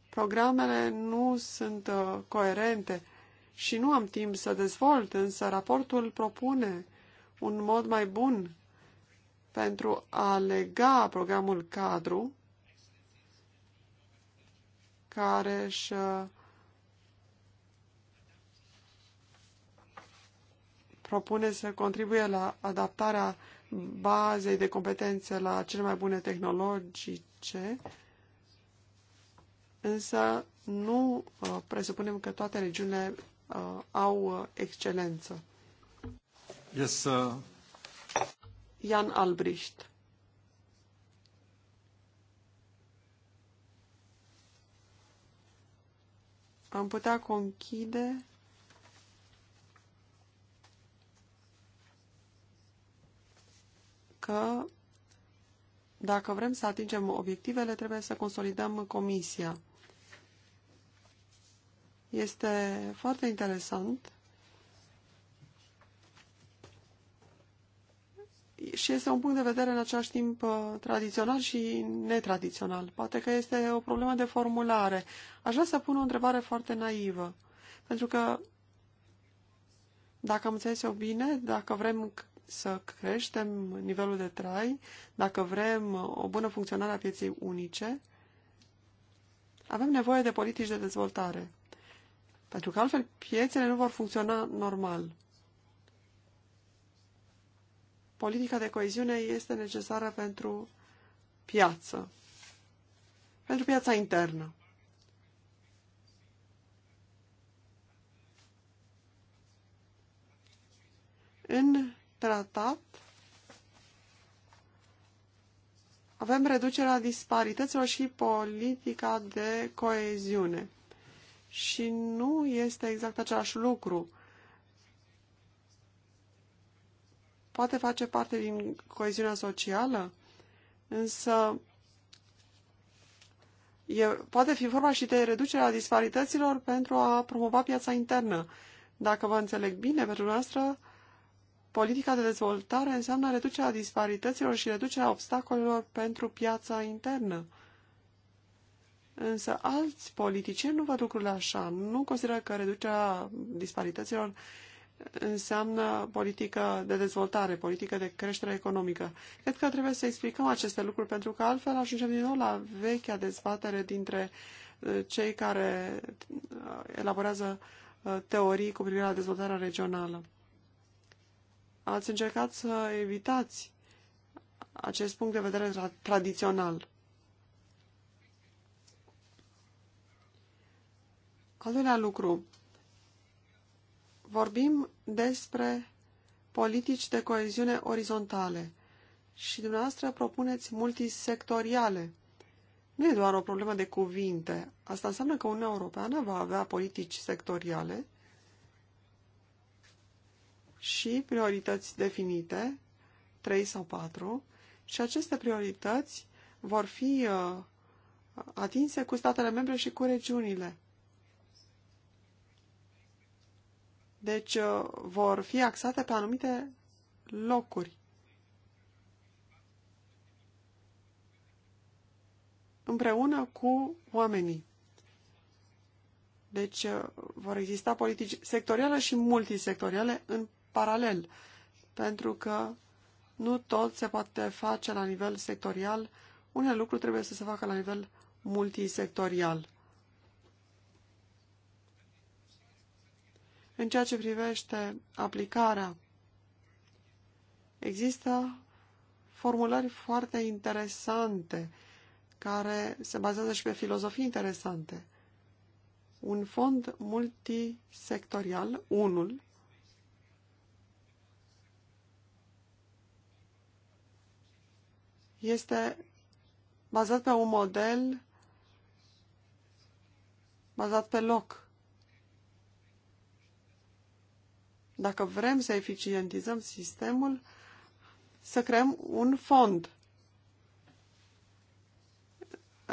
S3: Programele nu sunt uh, coerente și nu am timp să dezvolt, însă raportul propune un mod mai bun pentru a lega programul cadru care își propune să contribuie la adaptarea bazei de competențe la cele mai bune tehnologice, însă nu uh, presupunem că toate regiunile uh, au uh, excelență. Yes, uh... Jan Albrecht. Am putea conchide că dacă vrem să atingem obiectivele, trebuie să consolidăm comisia. Este foarte interesant și este un punct de vedere în același timp uh, tradițional și netradițional. Poate că este o problemă de formulare. Aș vrea să pun o întrebare foarte naivă. Pentru că, dacă am înțeles eu bine, dacă vrem să creștem nivelul de trai, dacă vrem o bună funcționare a pieței unice, avem nevoie de politici de dezvoltare. Pentru că altfel piețele nu vor funcționa normal. Politica de coeziune este necesară pentru piață, pentru piața internă. În tratat avem reducerea disparităților și politica de coeziune și nu este exact același lucru. Poate face parte din coeziunea socială, însă e, poate fi vorba și de reducerea disparităților pentru a promova piața internă. Dacă vă înțeleg bine, pentru noastră, politica de dezvoltare înseamnă reducerea disparităților și reducerea obstacolelor pentru piața internă. Însă alți politicieni nu văd lucrurile așa. Nu consideră că reducerea disparităților înseamnă politică de dezvoltare, politică de creștere economică. Cred că trebuie să explicăm aceste lucruri, pentru că altfel ajungem din nou la vechea dezbatere dintre uh, cei care uh, elaborează uh, teorii cu privire la dezvoltarea regională. Ați încercat să evitați acest punct de vedere tradițional. Al doilea lucru, vorbim despre politici de coeziune orizontale și dumneavoastră propuneți multisectoriale. Nu e doar o problemă de cuvinte. Asta înseamnă că Uniunea Europeană va avea politici sectoriale și priorități definite, trei sau patru, și aceste priorități vor fi uh, atinse cu statele membre și cu regiunile. Deci uh, vor fi axate pe anumite locuri. Împreună cu oamenii. Deci uh, vor exista politici sectoriale și multisectoriale în paralel, pentru că nu tot se poate face la nivel sectorial, unele lucruri trebuie să se facă la nivel multisectorial. În ceea ce privește aplicarea, există formulări foarte interesante care se bazează și pe filozofii interesante. Un fond multisectorial, unul, este bazat pe un model bazat pe loc. Dacă vrem să eficientizăm sistemul, să creăm un fond.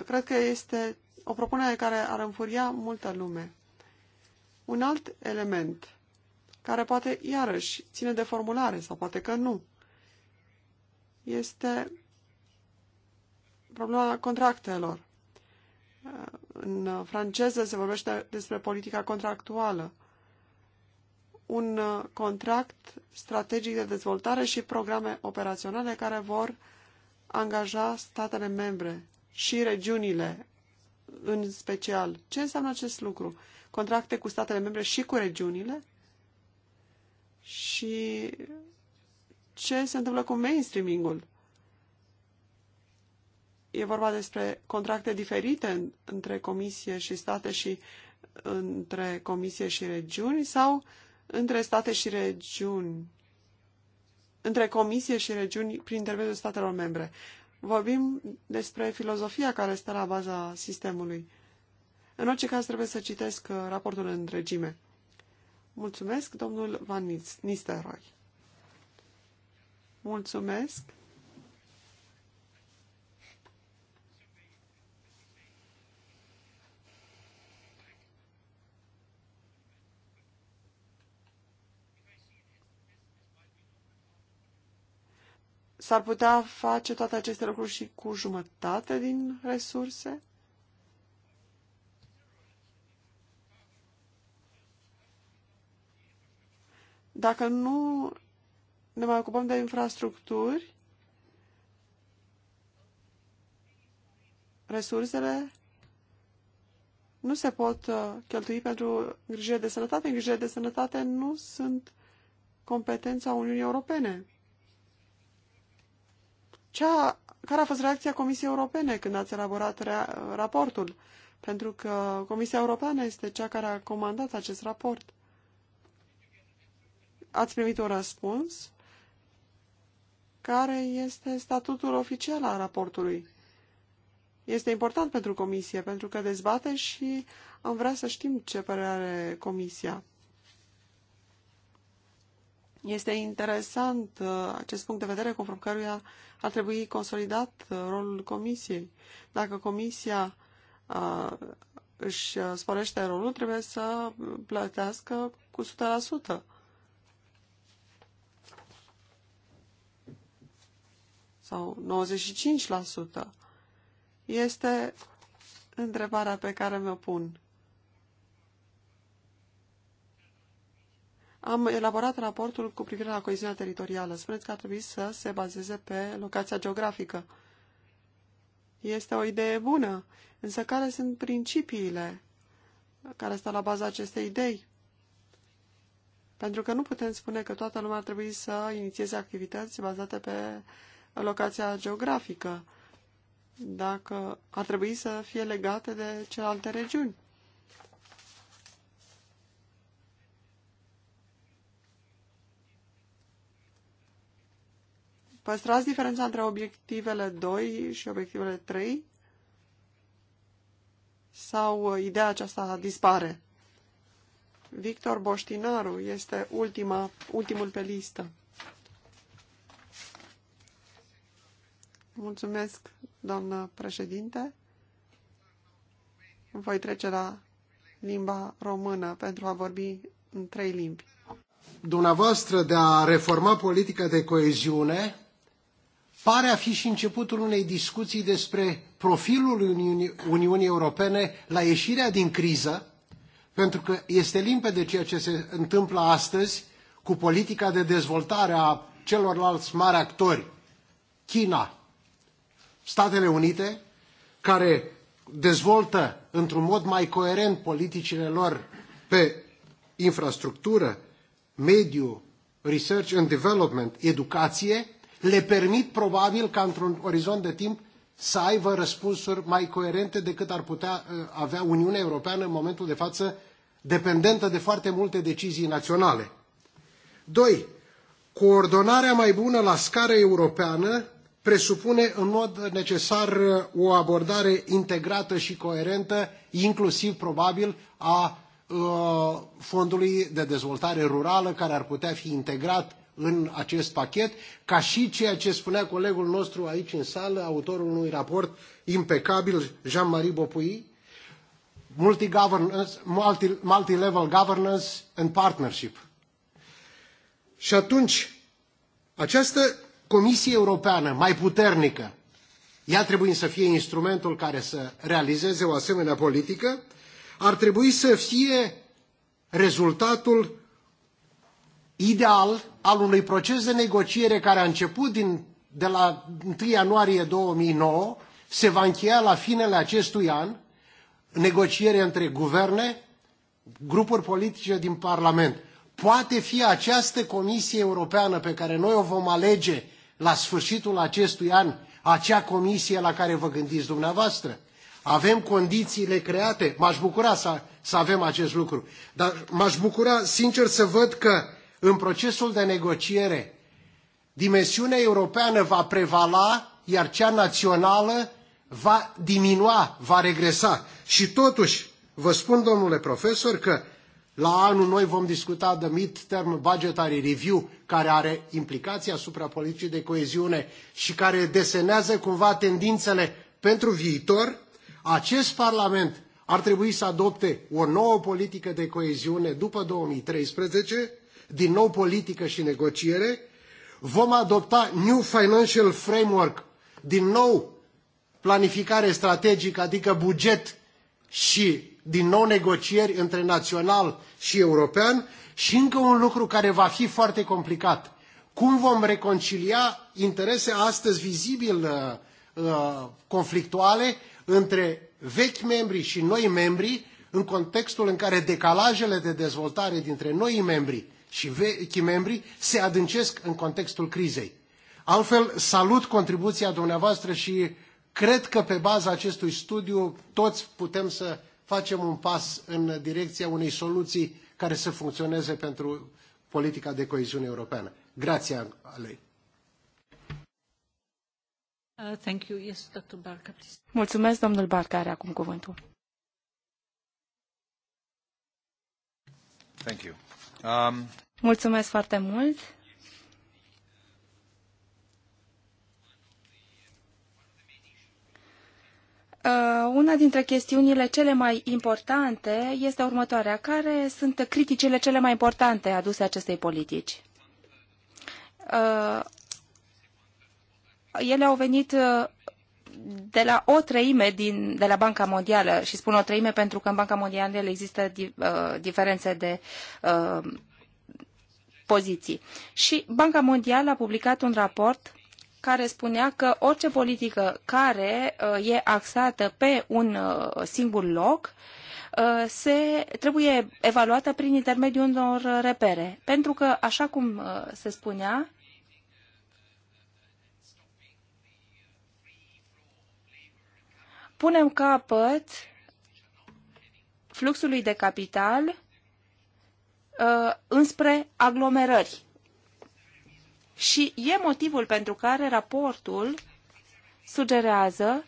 S3: Cred că este o propunere care ar înfuria multă lume. Un alt element, care poate iarăși ține de formulare sau poate că nu, este problema contractelor. În franceză se vorbește despre politica contractuală un uh, contract strategic de dezvoltare și programe operaționale care vor angaja statele membre și regiunile în special. Ce înseamnă acest lucru? Contracte cu statele membre și cu regiunile? Și ce se întâmplă cu mainstreaming-ul? E vorba despre contracte diferite între comisie și state și între comisie și regiuni sau între state și regiuni, între comisie și regiuni prin intermediul statelor membre. Vorbim despre filozofia care stă la baza sistemului. În orice caz, trebuie să citesc uh, raportul în întregime. Mulțumesc, domnul Van Nistelrooy. Mulțumesc. S-ar putea face toate aceste lucruri și cu jumătate din resurse? Dacă nu ne mai ocupăm de infrastructuri, resursele nu se pot uh, cheltui pentru îngrijire de sănătate. Îngrijire de sănătate nu sunt competența Uniunii Europene cea, care a fost reacția Comisiei Europene când ați elaborat rea, raportul? Pentru că Comisia Europeană este cea care a comandat acest raport. Ați primit un răspuns? Care este statutul oficial al raportului? Este important pentru Comisie, pentru că dezbate și am vrea să știm ce părere are Comisia. Este interesant uh, acest punct de vedere conform căruia ar trebui consolidat uh, rolul comisiei. Dacă comisia uh, își sporește rolul, trebuie să plătească cu 100%. sau 95%. Este întrebarea pe care mi-o pun. Am elaborat raportul cu privire la coeziunea teritorială. Spuneți că ar trebui să se bazeze pe locația geografică. Este o idee bună, însă care sunt principiile care stau la baza acestei idei? Pentru că nu putem spune că toată lumea ar trebui să inițieze activități bazate pe locația geografică, dacă ar trebui să fie legate de celelalte regiuni. Păstrați diferența între obiectivele 2 și obiectivele 3? Sau uh, ideea aceasta dispare? Victor Boștinaru este ultima, ultimul pe listă. Mulțumesc, doamnă președinte. Voi trece la limba română pentru a vorbi în trei limbi.
S4: Dumneavoastră de a reforma politica de coeziune pare a fi și începutul unei discuții despre profilul Uniunii, Uniunii Europene la ieșirea din criză, pentru că este limpede ceea ce se întâmplă astăzi cu politica de dezvoltare a celorlalți mari actori, China, Statele Unite, care dezvoltă într-un mod mai coerent politicile lor pe infrastructură, mediu, research and development, educație, le permit probabil ca într-un orizont de timp să aibă răspunsuri mai coerente decât ar putea uh, avea Uniunea Europeană în momentul de față, dependentă de foarte multe decizii naționale. 2. Coordonarea mai bună la scară europeană presupune în mod necesar uh, o abordare integrată și coerentă, inclusiv probabil a uh, fondului de dezvoltare rurală care ar putea fi integrat în acest pachet, ca și ceea ce spunea colegul nostru aici în sală, autorul unui raport impecabil, Jean-Marie Bopui, multi-level multi, governance and partnership. Și atunci, această Comisie Europeană mai puternică, ea trebuie să fie instrumentul care să realizeze o asemenea politică, ar trebui să fie rezultatul ideal al unui proces de negociere care a început din, de la 1 ianuarie 2009, se va încheia la finele acestui an, negociere între guverne, grupuri politice din Parlament. Poate fi această Comisie Europeană pe care noi o vom alege la sfârșitul acestui an, acea comisie la care vă gândiți dumneavoastră. Avem condițiile create. M-aș bucura să, să avem acest lucru. Dar m-aș bucura, sincer, să văd că în procesul de negociere, dimensiunea europeană va prevala, iar cea națională va diminua, va regresa. Și totuși, vă spun, domnule profesor, că la anul noi vom discuta de mid-term budgetary review, care are implicații asupra politicii de coeziune și care desenează cumva tendințele pentru viitor. Acest Parlament ar trebui să adopte o nouă politică de coeziune după 2013 din nou politică și negociere, vom adopta New Financial Framework, din nou planificare strategică, adică buget și din nou negocieri între național și european și încă un lucru care va fi foarte complicat. Cum vom reconcilia interese astăzi vizibil uh, uh conflictuale între vechi membri și noi membri în contextul în care decalajele de dezvoltare dintre noi membri și vechii membri se adâncesc în contextul crizei. Altfel, salut contribuția dumneavoastră și cred că pe baza acestui studiu toți putem să facem un pas în direcția unei soluții care să funcționeze pentru politica de coeziune europeană. Grația, Alei.
S1: Uh, thank you. Yes, Dr. Barca, please.
S2: Mulțumesc, domnul Barca are acum cuvântul.
S1: Thank you. Um...
S2: Mulțumesc foarte mult. Uh, una dintre chestiunile cele mai importante este următoarea. Care sunt criticile cele mai importante aduse acestei politici? Uh, ele au venit uh, de la o treime din, de la Banca Mondială, și spun o treime pentru că în Banca Mondială există di, uh, diferențe de uh, poziții. Și Banca Mondială a publicat un raport care spunea că orice politică care uh, e axată pe un uh, singur loc uh, se trebuie evaluată prin intermediul unor repere. Pentru că, așa cum uh, se spunea, punem capăt fluxului de capital uh, înspre aglomerări. Și e motivul pentru care raportul sugerează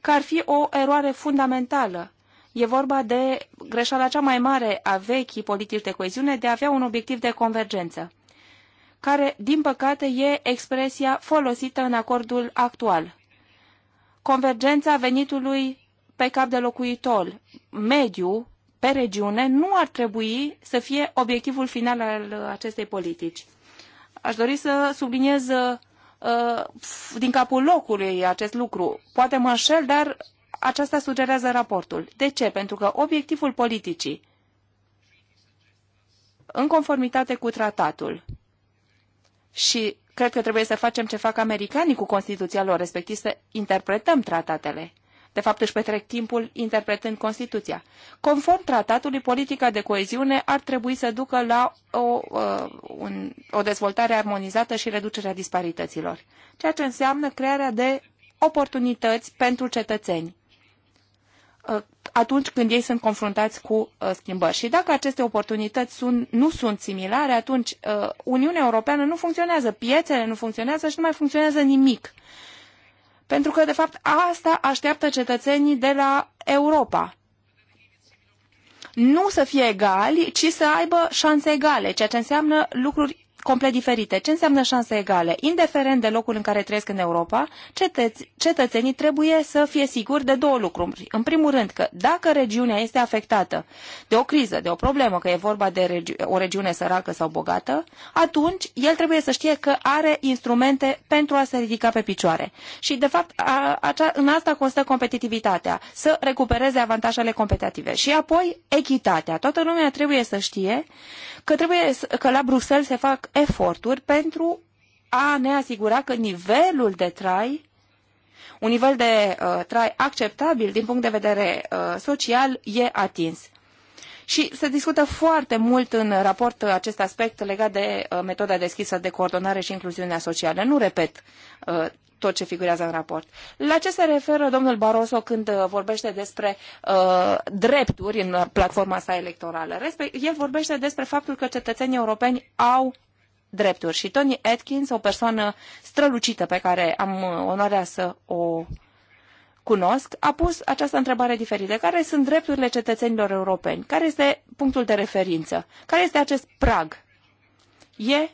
S2: că ar fi o eroare fundamentală. E vorba de greșeala cea mai mare a vechii politici de coeziune de a avea un obiectiv de convergență, care, din păcate, e expresia folosită în acordul actual convergența venitului pe cap de locuitor, mediu, pe regiune, nu ar trebui să fie obiectivul final al acestei politici. Aș dori să subliniez uh, din capul locului acest lucru. Poate mă înșel, dar aceasta sugerează raportul. De ce? Pentru că obiectivul politicii, în conformitate cu tratatul și Cred că trebuie să facem ce fac americanii cu Constituția lor, respectiv să interpretăm tratatele. De fapt, își petrec timpul interpretând Constituția. Conform tratatului, politica de coeziune ar trebui să ducă la o, uh, un, o dezvoltare armonizată și reducerea disparităților, ceea ce înseamnă crearea de oportunități pentru cetățeni uh, atunci când ei sunt confruntați cu uh, schimbări. Și dacă aceste oportunități sunt, nu sunt similare, atunci uh, Uniunea Europeană nu funcționează, piețele nu funcționează și nu mai funcționează nimic. Pentru că, de fapt, asta așteaptă cetățenii de la Europa. Nu să fie egali, ci să aibă șanse egale, ceea ce înseamnă lucruri complet diferite. Ce înseamnă șanse egale? Indiferent de locul în care trăiesc în Europa, cetăț- cetățenii trebuie să fie siguri de două lucruri. În primul rând că dacă regiunea este afectată de o criză, de o problemă, că e vorba de regi- o regiune săracă sau bogată, atunci el trebuie să știe că are instrumente pentru a se ridica pe picioare. Și, de fapt, a, acea, în asta constă competitivitatea, să recupereze avantajele competitive. Și apoi, echitatea. Toată lumea trebuie să știe că trebuie că la Bruxelles se fac eforturi pentru a ne asigura că nivelul de trai un nivel de uh, trai acceptabil din punct de vedere uh, social e atins. Și se discută foarte mult în raport acest aspect legat de uh, metoda deschisă de coordonare și incluziunea socială. Nu repet uh, tot ce figurează în raport. La ce se referă domnul Barroso când uh, vorbește despre uh, drepturi în platforma sa electorală? Respect, el vorbește despre faptul că cetățenii europeni au drepturi și Tony Atkins, o persoană strălucită pe care am uh, onoarea să o cunosc, a pus această întrebare diferită. Care sunt drepturile cetățenilor europeni? Care este punctul de referință? Care este acest prag? E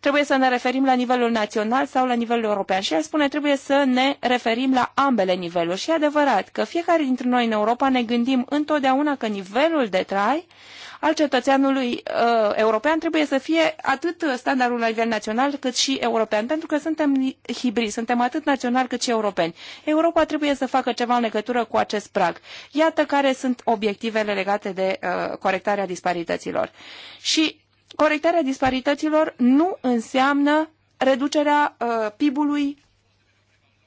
S2: trebuie să ne referim la nivelul național sau la nivelul european. Și el spune, trebuie să ne referim la ambele niveluri. Și e adevărat că fiecare dintre noi în Europa ne gândim întotdeauna că nivelul de trai al cetățeanului uh, european trebuie să fie atât standardul la nivel național cât și european, pentru că suntem hibrizi, suntem atât național, cât și europeni. Europa trebuie să facă ceva în legătură cu acest prag. Iată care sunt obiectivele legate de uh, corectarea disparităților. Și corectarea disparităților nu înseamnă reducerea uh, PIB-ului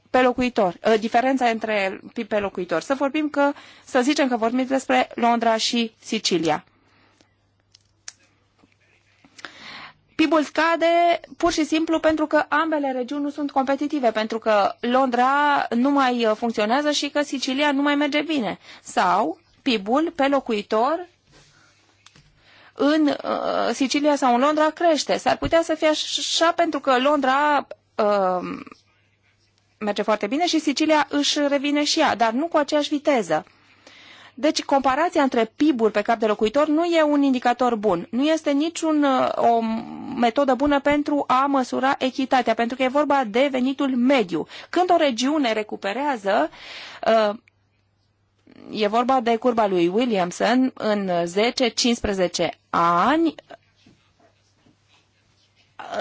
S2: pe locuitor, uh, diferența între PIB pe locuitor. Să vorbim că, să zicem că vorbim despre Londra și Sicilia. PIB-ul scade pur și simplu pentru că ambele regiuni nu sunt competitive, pentru că Londra nu mai funcționează și că Sicilia nu mai merge bine. Sau PIB-ul pe locuitor în uh, Sicilia sau în Londra crește. S-ar putea să fie așa pentru că Londra uh, merge foarte bine și Sicilia își revine și ea, dar nu cu aceeași viteză. Deci comparația între PIB-uri pe cap de locuitor nu e un indicator bun. Nu este niciun uh, o metodă bună pentru a măsura echitatea, pentru că e vorba de venitul mediu. Când o regiune recuperează, uh, e vorba de curba lui Williamson în 10-15 ani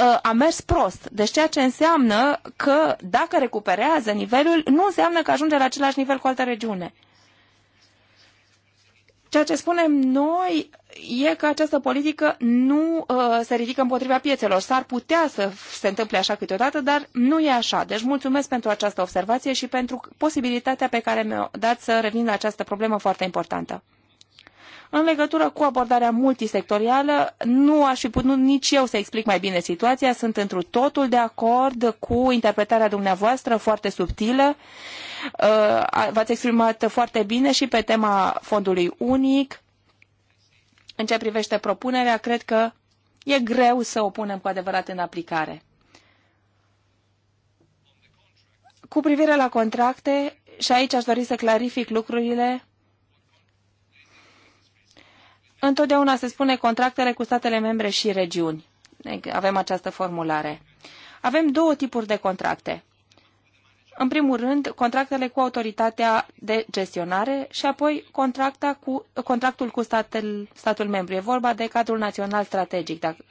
S2: ă, a mers prost. Deci ceea ce înseamnă că dacă recuperează nivelul, nu înseamnă că ajunge la același nivel cu altă regiune. Ceea ce spunem noi e că această politică nu uh, se ridică împotriva piețelor. S-ar putea să se întâmple așa câteodată, dar nu e așa. Deci mulțumesc pentru această observație și pentru posibilitatea pe care mi-o dat să revin la această problemă foarte importantă. În legătură cu abordarea multisectorială, nu aș fi putut nici eu să explic mai bine situația. Sunt întru totul de acord cu interpretarea dumneavoastră foarte subtilă. Uh, v-ați exprimat foarte bine și pe tema fondului unic. În ce privește propunerea, cred că e greu să o punem cu adevărat în aplicare. Cu privire la contracte, și aici aș dori să clarific lucrurile, Întotdeauna se spune contractele cu statele membre și regiuni. Avem această formulare. Avem două tipuri de contracte. În primul rând, contractele cu autoritatea de gestionare și apoi cu, contractul cu statul, statul membru. E vorba de cadrul național strategic dacă,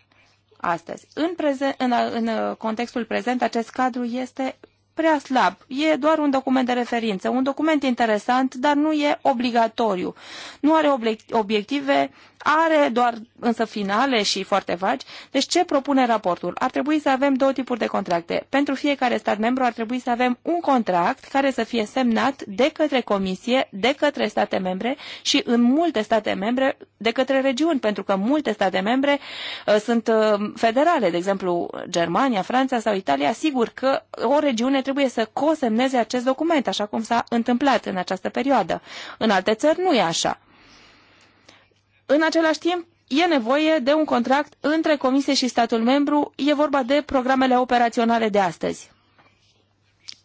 S2: astăzi. În, prezen, în, în contextul prezent, acest cadru este prea slab. E doar un document de referință, un document interesant, dar nu e obligatoriu. Nu are obiective are doar însă finale și foarte vagi. Deci ce propune raportul? Ar trebui să avem două tipuri de contracte. Pentru fiecare stat membru ar trebui să avem un contract care să fie semnat de către Comisie, de către state membre și în multe state membre de către regiuni, pentru că multe state membre uh, sunt uh, federale, de exemplu Germania, Franța sau Italia. Sigur că o regiune trebuie să cosemneze acest document, așa cum s-a întâmplat în această perioadă. În alte țări nu e așa. În același timp, e nevoie de un contract între Comisie și statul membru. E vorba de programele operaționale de astăzi.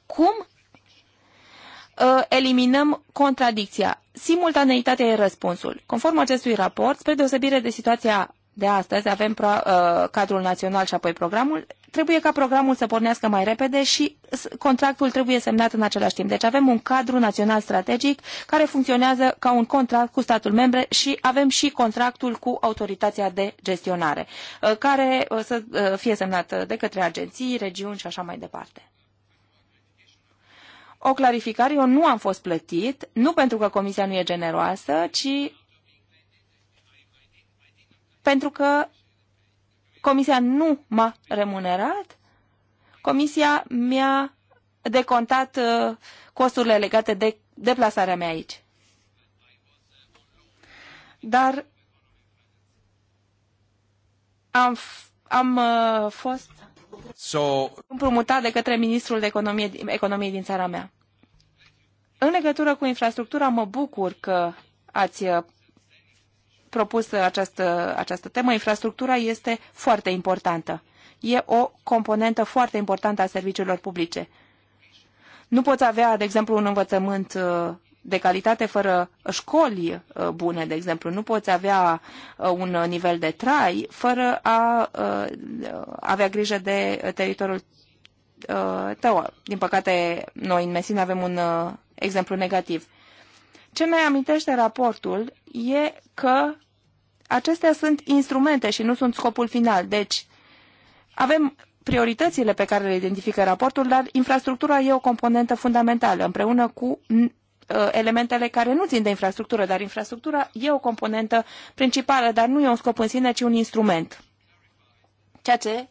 S2: Cum uh, eliminăm contradicția. Simultaneitatea e răspunsul. Conform acestui raport, spre deosebire de situația de astăzi, avem pro, uh, cadrul național și apoi programul, trebuie ca programul să pornească mai repede și contractul trebuie semnat în același timp. Deci avem un cadru național strategic care funcționează ca un contract cu statul membre și avem și contractul cu autoritatea de gestionare, uh, care uh, să uh, fie semnat uh, de către agenții, regiuni și așa mai departe o clarificare, eu nu am fost plătit, nu pentru că comisia nu e generoasă, ci pentru că comisia nu m-a remunerat, comisia mi-a decontat uh, costurile legate de deplasarea mea aici. Dar am, am uh, fost so... împrumutat de către ministrul de economie, Economie din țara mea. În legătură cu infrastructura, mă bucur că ați uh, propus această, această temă. Infrastructura este foarte importantă. E o componentă foarte importantă a serviciilor publice. Nu poți avea, de exemplu, un învățământ uh, de calitate fără școli uh, bune, de exemplu. Nu poți avea uh, un nivel de trai fără a avea grijă de teritoriul tău. Din păcate, noi în Mesin avem un exemplu negativ. Ce mai amintește raportul e că acestea sunt instrumente și nu sunt scopul final. Deci, avem prioritățile pe care le identifică raportul, dar infrastructura e o componentă fundamentală, împreună cu ă, elementele care nu țin de infrastructură, dar infrastructura e o componentă principală, dar nu e un scop în sine, ci un instrument. Ceea ce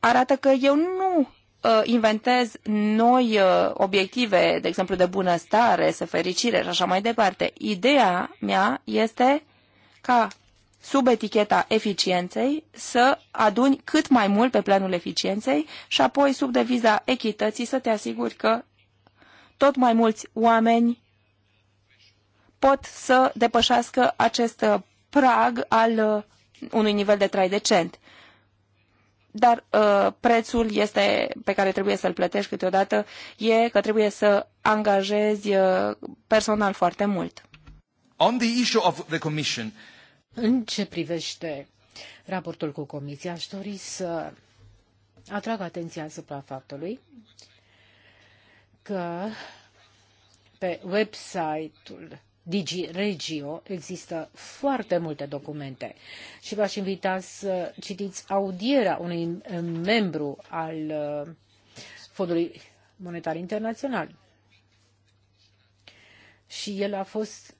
S2: arată că eu nu Uh, inventez noi uh, obiective, de exemplu, de bunăstare, să fericire și așa mai departe. Ideea mea este ca sub eticheta eficienței să aduni cât mai mult pe planul eficienței și apoi sub deviza echității să te asiguri că tot mai mulți oameni pot să depășească acest uh, prag al unui nivel de trai decent dar uh, prețul este pe care trebuie să-l plătești câteodată e
S1: că trebuie să angajezi uh, personal foarte mult.
S4: On the issue of the commission.
S1: În ce privește raportul cu comisia, aș dori să atrag atenția asupra faptului că pe website-ul DigiRegio există foarte multe documente și v-aș invita să citiți audierea unui uh, membru al uh, Fondului Monetar Internațional. Și el a fost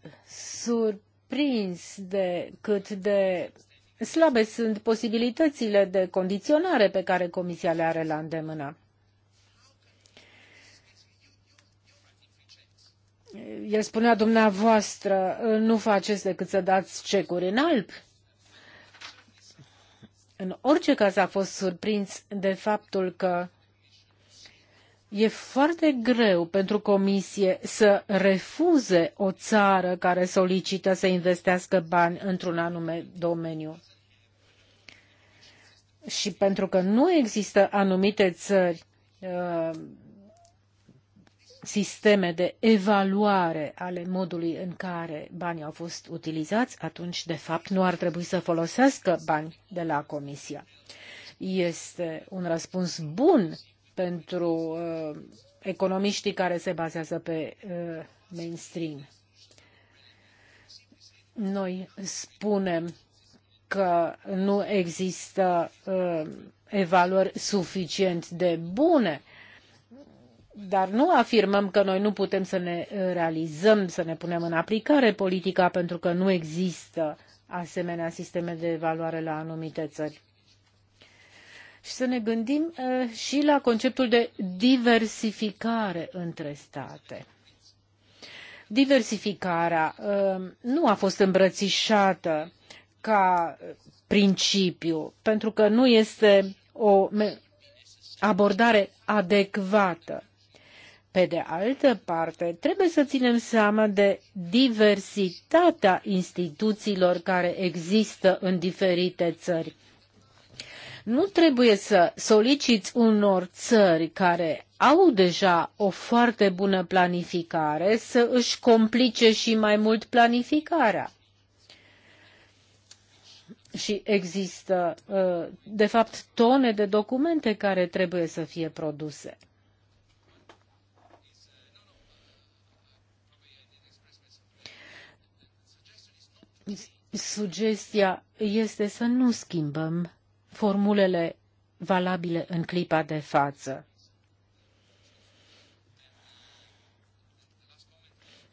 S1: surprins de cât de slabe sunt posibilitățile de condiționare pe care Comisia le are la îndemână. el spunea dumneavoastră, nu faceți decât să dați cecuri în alb. În orice caz a fost surprins de faptul că e foarte greu pentru comisie să refuze o țară care solicită să investească bani într-un anume domeniu. Și pentru că nu există anumite țări uh, sisteme de evaluare ale modului în care banii au fost utilizați, atunci, de fapt, nu ar trebui să folosească bani de la Comisia. Este un răspuns bun pentru uh, economiștii care se bazează pe uh, mainstream. Noi spunem că nu există uh, evaluări suficient de bune dar nu afirmăm că noi nu putem să ne uh, realizăm, să ne punem în aplicare politica, pentru că nu există asemenea sisteme de evaluare la anumite țări. Și să ne gândim uh, și la conceptul de diversificare între state. Diversificarea uh, nu a fost îmbrățișată ca principiu, pentru că nu este o abordare adecvată. Pe de altă parte, trebuie să ținem seama de diversitatea instituțiilor care există în diferite țări. Nu trebuie să soliciți unor țări care au deja o foarte bună planificare să își complice și mai mult planificarea. Și există, uh, de fapt, tone de documente care trebuie să fie produse. sugestia este să nu schimbăm formulele valabile în clipa de față.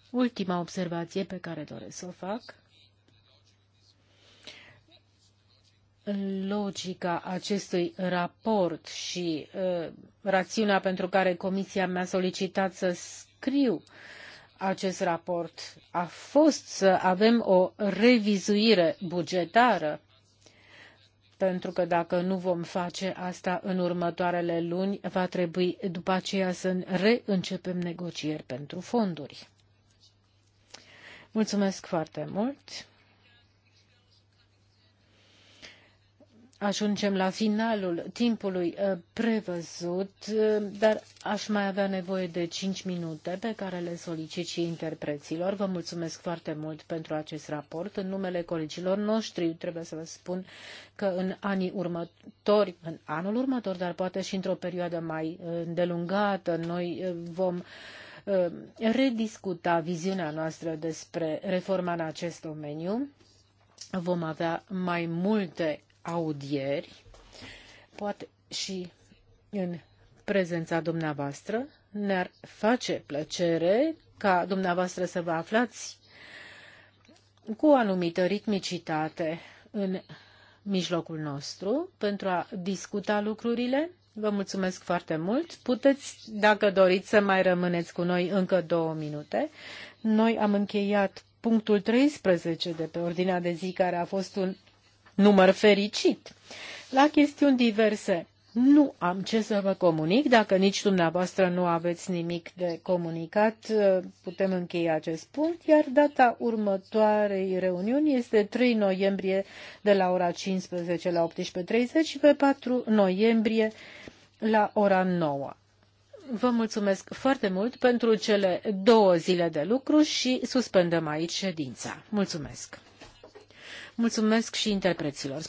S1: Ultima observație pe care doresc să o fac. Logica acestui raport și uh, rațiunea pentru care Comisia mi-a solicitat să scriu uh, acest raport a fost să avem o revizuire bugetară, pentru că dacă nu vom face asta în următoarele luni, va trebui după aceea să reîncepem negocieri pentru fonduri. Mulțumesc foarte mult! ajungem la finalul timpului uh, prevăzut, uh, dar aș mai avea nevoie de 5 minute pe care le solicit și interpreților. Vă mulțumesc foarte mult pentru acest raport. În numele colegilor noștri trebuie să vă spun că în anii următori, în anul următor, dar poate și într-o perioadă mai uh, îndelungată, noi vom rediscuta viziunea noastră despre reforma în acest domeniu. Vom avea mai multe audieri, poate și în prezența dumneavoastră. Ne-ar face plăcere ca dumneavoastră să vă aflați cu o anumită ritmicitate în mijlocul nostru pentru a discuta lucrurile. Vă mulțumesc foarte mult. Puteți, dacă doriți, să mai rămâneți cu noi încă două minute. Noi am încheiat punctul 13 de pe ordinea de zi, care a fost un număr fericit. La chestiuni diverse, nu am ce să vă comunic. Dacă nici dumneavoastră nu aveți nimic de comunicat, putem încheia acest punct, iar data următoarei reuniuni este 3 noiembrie de la ora 15 la 18.30 și pe 4 noiembrie la ora 9. Vă mulțumesc foarte mult pentru cele două zile de lucru și suspendăm aici ședința. Mulțumesc! Mulțumesc și interpreților.